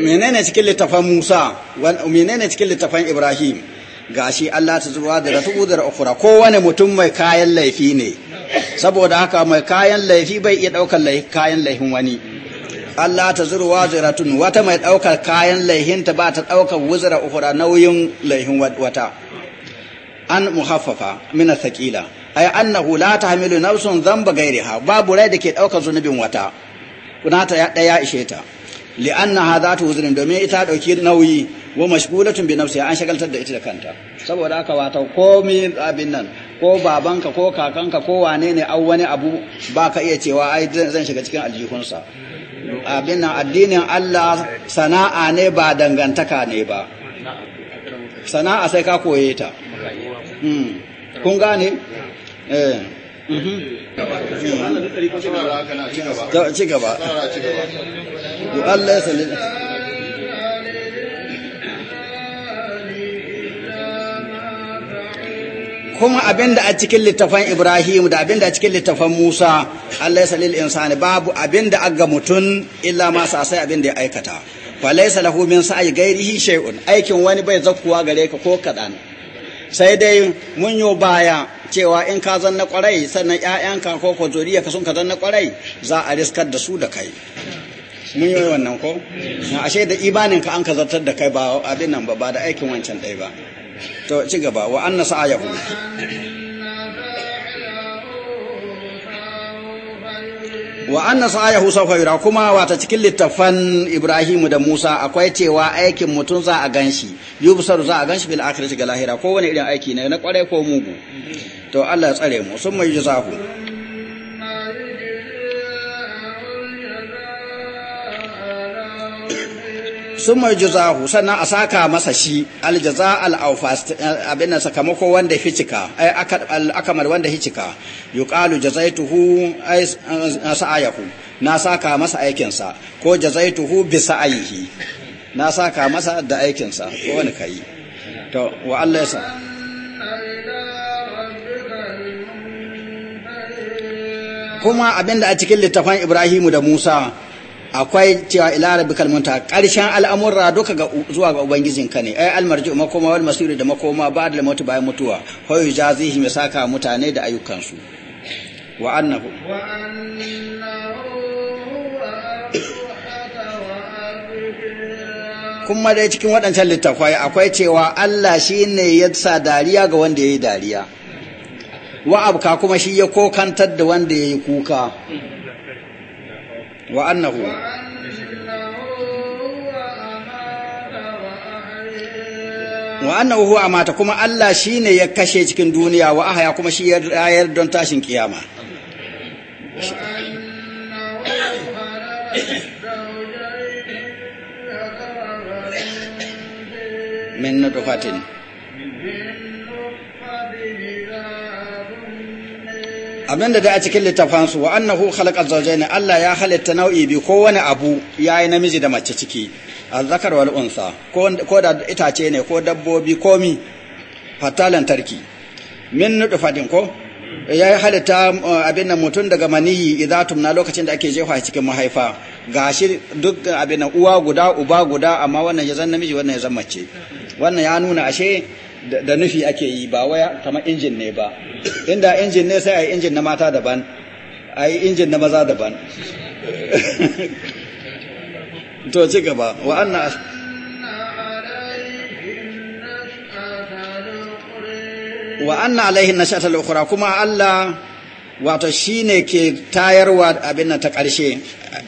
menene cikin littafan Musa menene cikin littafan Ibrahim gashi Allah ta zuwa da rafi da ukura kowane mutum mai kayan laifi ne saboda haka mai kayan laifi bai iya daukar kayan laifin wani Allah ta zuwa ziratun wata mai daukar kayan laifinta ba ta daukar wuzura ukura nauyin laifin wata an muhaffafa mina thaqila ay annahu la tahmilu nafsun dhanba ghayriha babu rai da ke daukar zunubin wata kuna ya daya ishe ta li'annaha zatu uzrin domin ita dauki nauyi wa mashgulatun bi nafsiha an shagaltar da ita da kanta saboda haka wato komi abin nan ko babanka ko kakanka ko wane ne au wani abu baka iya cewa ai zan shiga cikin aljihunsa abin nan addinin Allah sana'a ne ba dangantaka ne ba sana'a sai ka koye ta kun gane eh Mm-hmm. ci gaba kuma abin da a cikin littafan Ibrahim da abin da a cikin littafan Musa Allah ya salil insani babu abin da aga mutum illa masu asai abin da ya aikata falaisa lahu min sa'i gairihi shay'un aikin wani bai zakkuwa gare ka ko kaɗan sai dai mun yo baya cewa in ka zanna kwarai sannan ka ko ko zuriya ka sun ka zan na kwarai za a riskar da su da kai mun yi wannan ko na ashe da ibanin ka an ka zartar da kai ba abin nan ba ba da aikin wancan ɗai ba to ci gaba wa nasa ayahu wa anna sa'ayahu sawfa yura kuma wata cikin littafan ibrahim da Musa akwai cewa aikin mutum za a ganshi yubsaru za a ganshi bil akhirati ga lahira ko wani irin aiki ne na kwarai ko mugu to Allah ya tsare mu summa yujzahu sun mai juzahu sannan a saka masa shi aljaza al'aufas abin sakamako wanda hicika ai akamar wanda hicika yuqalu jazaituhu ai sa'ayahu na saka masa aikinsa ko jazaituhu bi sa'ayhi na saka masa da aikinsa ko wani kai to wa Allah ya kuma abinda a cikin littafan Ibrahimu da Musa akwai cewa ila rabbikal muntaha karshen al'amurra duka ga zuwa ga ka ne ai almarji makoma wal masiru da makoma ba da mutu bayan mutuwa fa yujazihi misaka mutane da ayyukansu wa annahu kuma dai cikin waɗancan littafai akwai cewa Allah shi ne ya sa dariya ga wanda yayi dariya wa abka kuma shi ya kokantar da wanda yayi kuka wa annahu wa annahu huwa amata kuma Allah shi ne ya kashe cikin duniya wa ahaya kuma shi ya rayar don tashin kiyama abin da da a cikin littafansu wa annahu khalaqa zawjayn Allah ya halitta nau'i bi ko wani abu yayi namiji da mace ciki azzakar wal unsa ko ko da itace ne ko dabbobi mi fatalan tarki min nutfatin ko ya halitta eh, abin nan mutum daga maniyi idza tumna lokacin da ake jefa cikin mahaifa gashi duk abin nan uwa guda uba guda amma wannan ya zan namiji wannan ya zan mace wannan ya nuna ashe da nufi ake yi ba waya kamar injin ne ba inda injin ne sai a yi injin na mata daban a yi injin na maza daban [LAUGHS] to ci gaba wa'anna wa'anna alaihin na shatar ukura kuma Allah wato shi ne ke tayarwa abin nan ta ƙarshe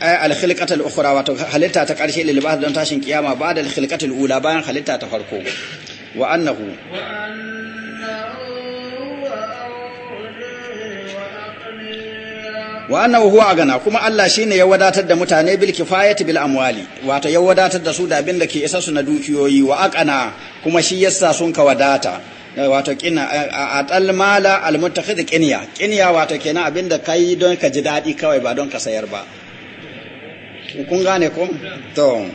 alkhilkatar ukura wato halitta ta ƙarshe lilibar don tashin kiyama ba da alkhilkatar ula bayan halitta ta farko wa annahu wa annahu huwa kuma Allah shine ya wadatar da mutane bil kifayati bil amwali wato ya wadatar da su da abin da ke isa su na dukiyoyi wa kuma shi yasa sun ka wadata wato kina atal mala al mutakhid qinya qinya wato kenan abin da kai don ka ji daɗi kawai ba don ka sayar ba kun gane ko to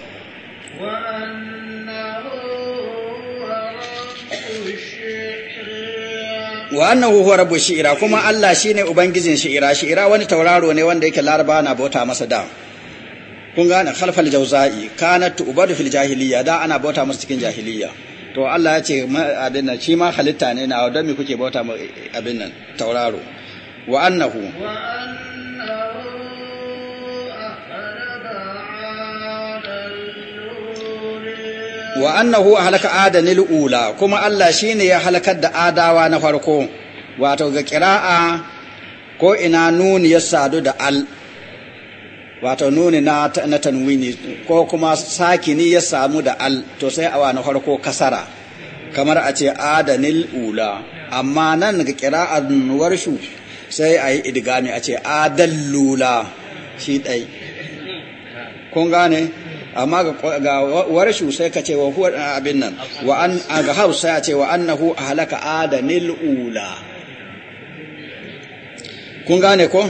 wa huwa rabbu shi'ira kuma Allah shine ubangijin shi'ira shi'ira wani tauraro ne wanda yake laraba na bauta masa da kun gane khalfal jawza'i kanat ubadu fil jahiliya da ana bauta masa cikin jahiliya to Allah ya ce abin shi ma halitta ne na don me kuke bauta abin nan tauraro wa annahu wa annahu ahlaka adanil ula kuma Allah shine ya halakar da adawa na farko wato ga kiraa ko ina nuni ya sadu da al wato nuni na tanwini ko kuma sakini ya samu da al to sai awa na farko kasara kamar a ce adanil ula amma nan ga kiraa warshu sai a yi idgami a ce lula shi dai kun gane amma ga warshu sai ka ce wa huwa abin nan wa an ga hausa ya ce wa annahu ahlaka adanil ula kun gane ko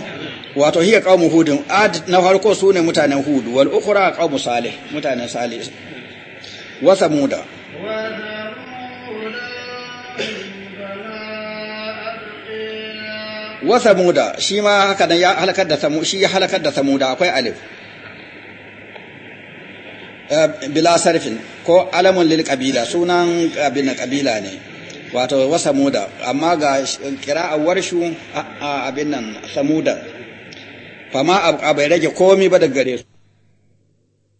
wato hiya qaumu hudin ad na farko sune mutanen hud wal ukhra qaumu salih mutanen salih wa samuda wa samuda shi ma haka nan ya halakar da samu shi ya halakar da samuda akwai alif Eh, bila sarfin ko alamun lil kabila sunan abin kabila ne wato wa samuda amma ga kira'ar warshu abin nan samuda fa a bai rage komi ba da gare su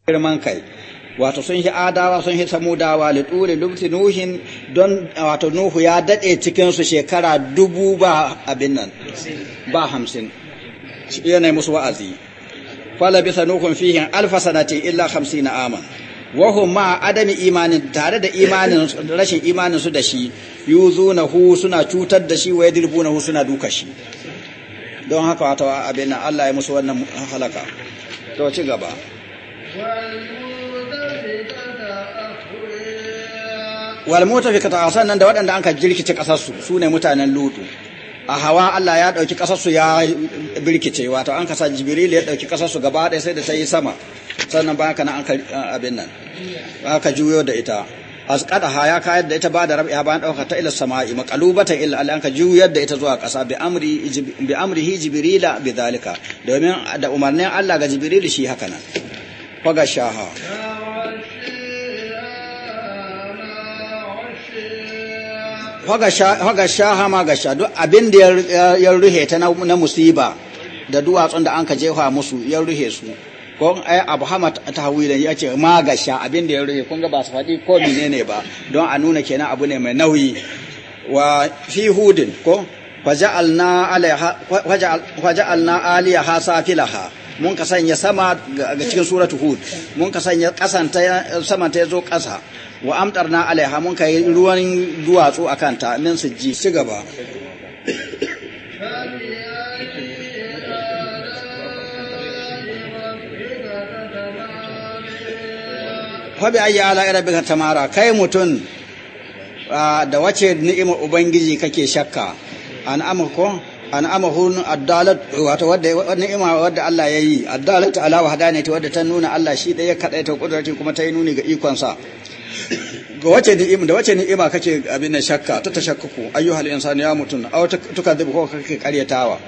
girman kai wato sun shi adawa sun shi samudawa li tuli lubti nuhin don wato nuhu ya dade cikin su shekara dubu ba abin nan ba hamsin yanayi musu wa'azi falabisa nuhun fihin alfa sanati illa na aman wahum ma adami imanin tare da imanin rashin imanin su da shi hu suna cutar da shi wa hu suna duka shi don haka wato abin nan Allah ya musu wannan halaka to ci gaba wal mutafikata asan nan da waɗanda an ka jirkice kasar su sune mutanen lutu a hawa Allah ya ɗauki ƙasarsu ya birkice wato an kasa jibril ya ɗauki ƙasarsu gaba ɗaya sai da ta yi sama sannan bayan ka an abin nan aka juyo da ita asqada ha ya kayar da ita ba da rabiya bayan ɗauka ta ila sama'i maqalubata ila Allah an ka juyar da ita zuwa ƙasa bi amri bi amrihi bi dalika domin da umarnin Allah ga jibril shi haka nan ga shaha Haga sha hama ga sha duk abin da ya ruhe ta na musiba da duwatsun da an ka jefa musu ya ruhe su ko ai abu hama ta hawilan ya ce ma ga sha abin da ya ruhe kun ga ba su faɗi ko menene ba don a nuna kenan abu ne mai nauyi wa fi hudin ko faja'alna na aliyaha safilaha mun ka sanya sama ga cikin suratu hud mun ka sanya kasanta sama ta zo kasa wa amtarna alaiha mun kai ruwan duwatsu akan ta min sujji ci gaba Fabi ayi ala rabbika tamara kai mutun ah, da wace ni'imar ubangiji kake shakka an amako an'amahu addalat wato wadda wani ima wadda Allah ya yi addalat ala wahdaniyati wadda ta nuna Allah shi da ya kadai ta kudurati kuma ta yi nuni ga ikon sa ga wace ni'ima da wace ni ima kake abin da shakka ta tashakkuku ayyuhal insani ya mutun aw tukadibu ko kake karyatawa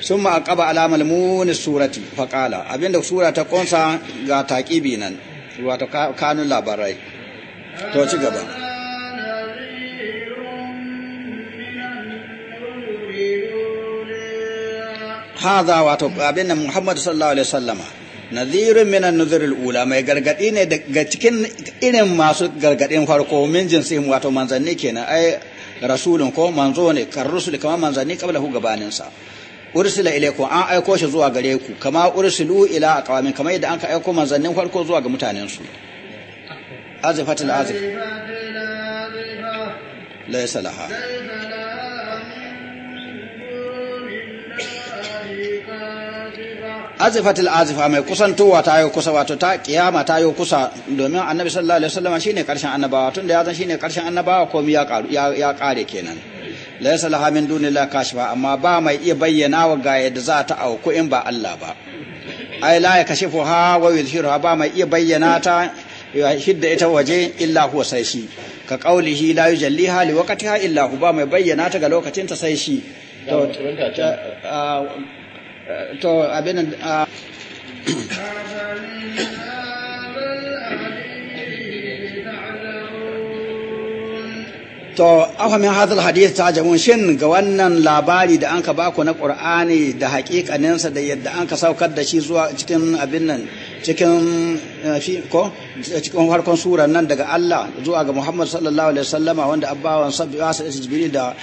summa aqaba alamal mun surati fa qala abinda sura ta konsa ga taqibi nan wato kanun labarai to ci gaba haza wato abin nan Muhammadu sallallahu alaihi wasallama nadhirun minan an-nuzuril ula mai gargadi ne daga cikin irin masu gargadin farko min jinsihim wato manzanni kenan ai rasulun ko manzo ne kar rusul kama manzanni kabla hu gabanin sa ursila ilaikum an aiko shi zuwa gare ku kama ursilu ila aqwamin kama yadda an ka aiko manzannin farko zuwa ga mutanen su azifatul azif laysa laha azifatil azifa mai kusantowa ta yi kusa wato ta kiyama ta yi kusa domin annabi sallallahu alaihi wasallam shine karshen annabawa tunda ya zan shine karshen annabawa komai ya karu ya kare kenan laysa laha min dunillahi kashifa amma ba mai iya bayyana wa ga yadda za ta auku in ba Allah ba ai la yakashifu ha wa yuzhiru ba mai iya bayyana ta hidda ita waje illa huwa sai shi ka qaulihi la yujalliha liwaqtiha illa huwa ba mai bayyana ta ga lokacin ta sai shi to abin a To, afa min hadal hadith ta jamun shin ga wannan labari da an ka baku na Qur'ani da haƙiƙaninsa da yadda an ka saukar da shi zuwa cikin abin nan cikin eh, ko cikin harkon surar nan daga Allah zuwa ga Muhammad sallallahu alaihi wasallama wanda abbawan sabbi wasa jibril da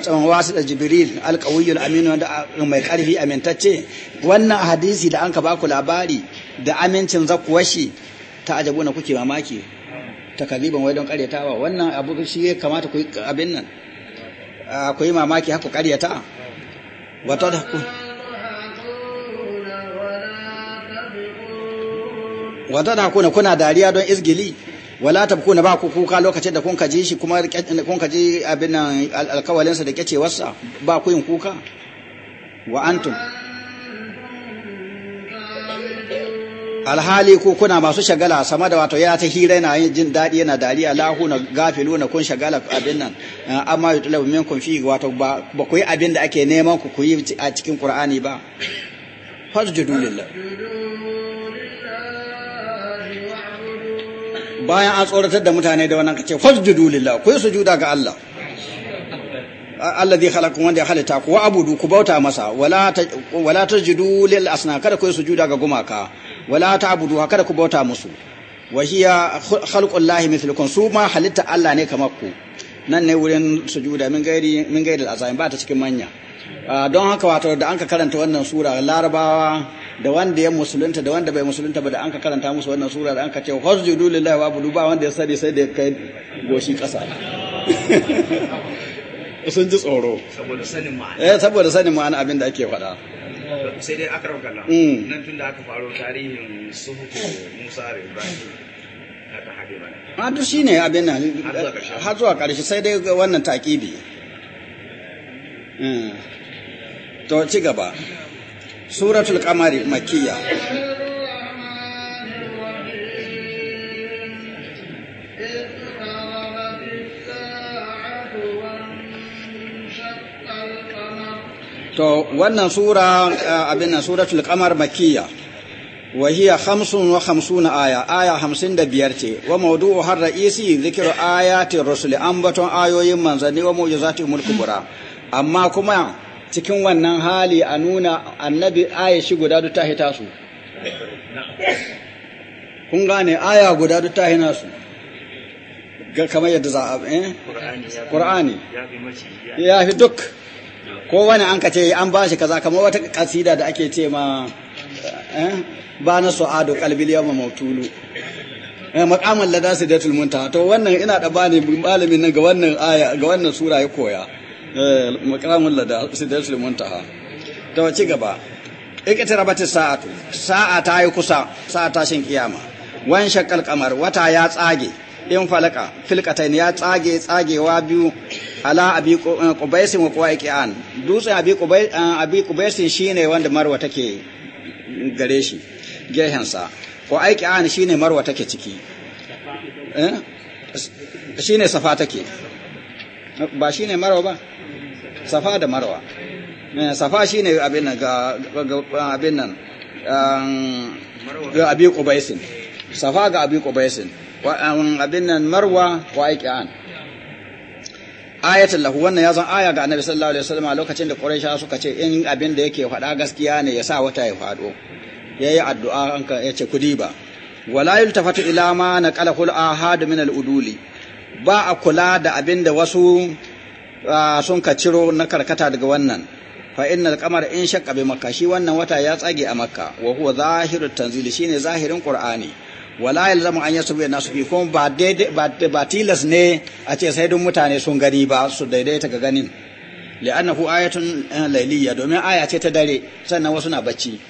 tsawon wasu da jibril alkawiyul aminu da mai karfi amintacce wannan hadisi da an ka baku labari da amincin zakuwa shi ta ajabu na kuke mamaki takaliban wai don karyatawa wannan abu shi ya kamata ku abin nan ku yi mamaki haku karyata wata da ku wata da kuna dariya don izgili wala kuna ba ku kuka lokacin da kun kaji shi kuma kun kaji abin nan alkawalinsa da kyacewarsa ba ku yin kuka wa antum alhali ku kuna masu shagala sama da wato ya ta hira yana yin jin daɗi yana dariya lahu na gafilu na kun shagala abin nan eh, amma ya tulabu min kun fi wato ba ku yi abin da ake neman ku ku yi a cikin qur'ani ba fasjudu lillah bayan an tsoratar da mutane da wannan kace fasjudu lillah ku yi sujuda ga Allah alladhi khalaqakum wanda ya halitta ku wa abudu ku bauta masa wala wala tajidu lil asna kada ku yi sujuda ga gumaka wala ta'budu kada ku bauta musu wa hiya khalqullahi mithlukum su ma halitta Allah ne kamar ku nan ne wurin sujuda min gairi min gairi al ba ta cikin manya ah, don haka wato da an ka karanta wannan sura larabawa da wanda ya musulunta da wanda bai musulunta ba da an ka karanta musu wannan sura da an ka ce wasjudu lillahi wa budu ba wanda ya sani sai da ya kai goshi kasa [LAUGHS] sun ji tsoro saboda sanin ma'ana eh saboda sanin ma'ana abin da ake faɗa sai dai akram kallam mm. nan tun da aka faro tarihin suhuku Musa da Ibrahim aka hade mana a ah, duk shine abin nan har zuwa ƙarshe sai dai wannan takibi mm. to ci gaba سورة القمر مكية to wannan sura eh, abin nan suratul qamar makiyya, wa hiya 55 aya aya hamsin da biyar ce wa mawdu'u har ra'isi zikiru ayatin an ambaton ayoyin manzanni wa mu'jizati bura, amma kuma cikin wannan hali a nuna annabi aya shi guda duk ta hita su kun gane aya guda duk ta hina su kamar yadda za a eh qur'ani ya fi duk ko wani an ka ce an ba shi kaza kamar wata kasida da ake ce ma eh? ba na su'adu qalbil yawma mautulu eh, Ladasi da tulmunta. to wannan ina da bani malamin nan ga wannan aya ga wannan sura ya koya Eh, makamun lada sidratul muntaha ta wace gaba ikita rabata sa'atu sa'a ta yi kusa sa'a ta shin kiyama wan shaqqal qamar wata ya tsage in falaka filqatain ya tsage tsagewa biyu ala abi eh, qubaisin wa qawaiqian dutsen abi qubais eh, abi qubaisin shine wanda marwa take gare shi gehensa qawaiqian shine marwa take ciki eh shine safa take ba shine marwa ba safa da marwa eh, safa shi ne abin nan ga abin nan um, abi qubaisin safa ga abi kubaisin um, abin nan marwa wa aiki ayatul lahu wannan ya zan aya ga annabi sallallahu alaihi wasallam a lokacin da quraisha suka ce in abin da yake faɗa gaskiya ne ya sa wata ya faɗo yayi addu'a an ka yace kudi ba wala yultafatu ila ma naqalahu al ahad min al uduli ba a kula da abin da wasu sun ka ciro na karkata daga wannan fa al qamar in shaqqa bi makka shi wannan wata ya tsage a makka wa huwa zahirut tanzili shine zahirin qur'ani wala yalzamu an yasubu an-nasu bi kuma ba daidai ba tilas ne a ce sai dun mutane sun gani ba su daidaita ga ganin li'annahu ayatun layliya domin aya ce ta dare sannan wasu na bacci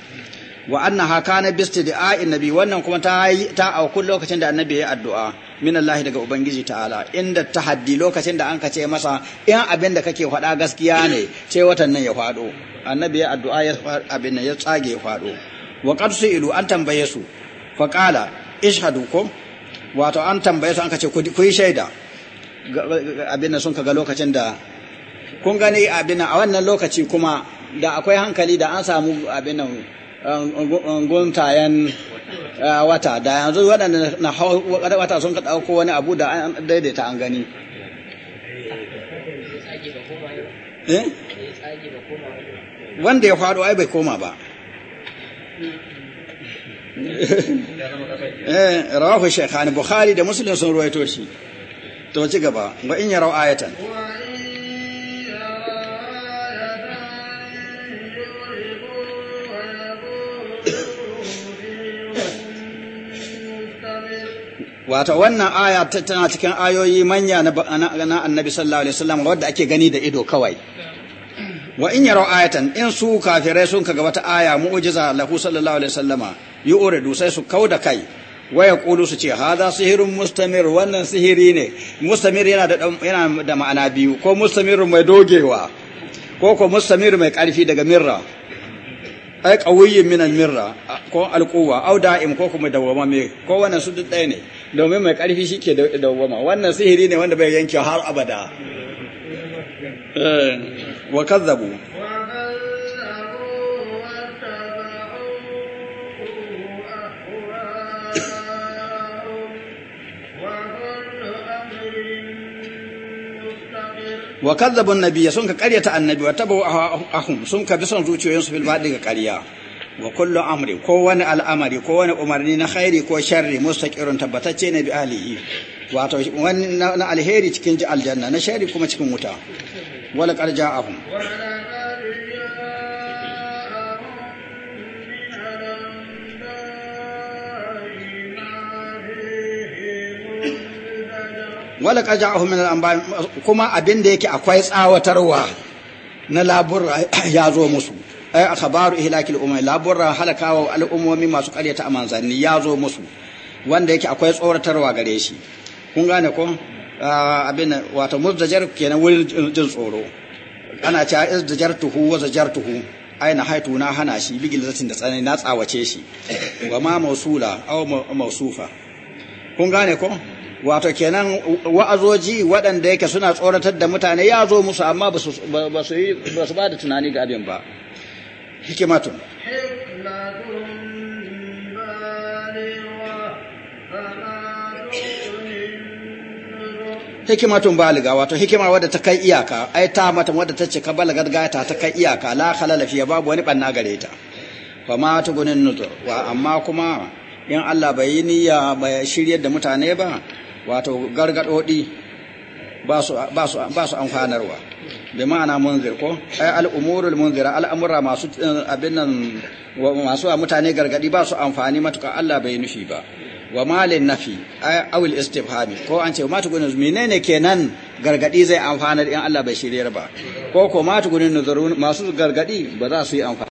wa annaha kana bistida'i annabi wannan kuma ta ta a lokacin da annabi ya addu'a min Allah daga ubangiji ta'ala inda tahaddi lokacin da an ka ce masa in abin da kake faɗa gaskiya ne ce watan nan ya faɗo annabi ya addu'a ya abin nan ya tsage ya faɗo wa qad su'ilu an tambaye su fa qala ishhadu ko wato an tambaye su an ka ce ku yi shaida abin nan sun ka ga lokacin da kun gani abin nan a wannan lokaci kuma da akwai hankali da an samu abin nan um, guntayen wata da yanzu waɗanda na hau wata sun ka ɗauko wani abu da an daidaita an gani eh? wanda ya faɗo ai bai koma ba [LAUGHS] eh, rawahu shaykhani bukhari da musulun sun ruwaito shi to ci gaba wa in yarau ayatan wato wannan aya tana cikin ayoyi manya na annabi sallallahu alaihi wasallam wadda ake gani da ido kawai wa in yaro ayatan in su kafirai sun kaga wata aya mu'jiza lahu sallallahu alaihi wasallama yu'ridu sai su kauda kai wa yaqulu su ce hadha sihirun mustamir wannan sihiri ne mustamir yana da yana da ma'ana biyu ko Mustamir mai dogewa ko ko mustamir mai karfi daga mirra ai qawiyyin min mirra ko al au da'im ko kuma dawwama me ko wannan su duk ɗaya ne domin mai ƙarfi shike dawwama wannan sihiri ne wanda bai yanke har abada eh, wa kazzabu wa kadzabu annabiyya sun ka karyata annabi wa tabu ahum sun ka bi son su bil badi ga karya wa kullu amri ko wani al'amari ko wani umarni na khairi ko sharri mustaqirun tabbatacce ne bi ahlihi wato wani na alheri cikin aljanna na sharri kuma cikin wuta wala qarja'ahum wala qaja'ahu min al-anba kuma abin da yake akwai tsawatarwa na labura [COUGHS] ya zo musu ay akhbaru ihlakil umam labura halakawa al'ummomi masu ƙaryata amanzanni ya zo musu wanda yake akwai tsoratarwa gare shi kun gane ko ah, abin wato muzdajar kenan wurin jin tsoro ana cewa izdajartuhu wa tuhu aina haitu na hana shi bigil zatin da tsanani na tsawace shi wa ma mausula aw mausufa kun gane ko wato kenan wa'azoji waɗanda yake suna tsoratar da mutane ya zo musu amma ba su ba da tunani ga abin ba hikimatun hikimatun baliga wato hikima wadda ta kai iyaka ai ta mata wadda ta ce ka balagar gata ta kai iyaka la halala babu wani banna gare ta ba ma gunin nuzur wa amma kuma in Allah bai yi niyya bai shiryar da mutane ba wato gargadodi ba su amfanarwa bi ma'ana munzir ko ai al'umurul munzira al'amura masu eh, abin nan masu mutane gargadi ba su amfani matuka Allah bai nufi ba wa malin nafi ai awil istifhami ko an ce ma tugunin menene kenan gargadi zai amfana in Allah bai shirye ba ko ko ma tugunin nuzurun masu gargadi ba za su yi amfani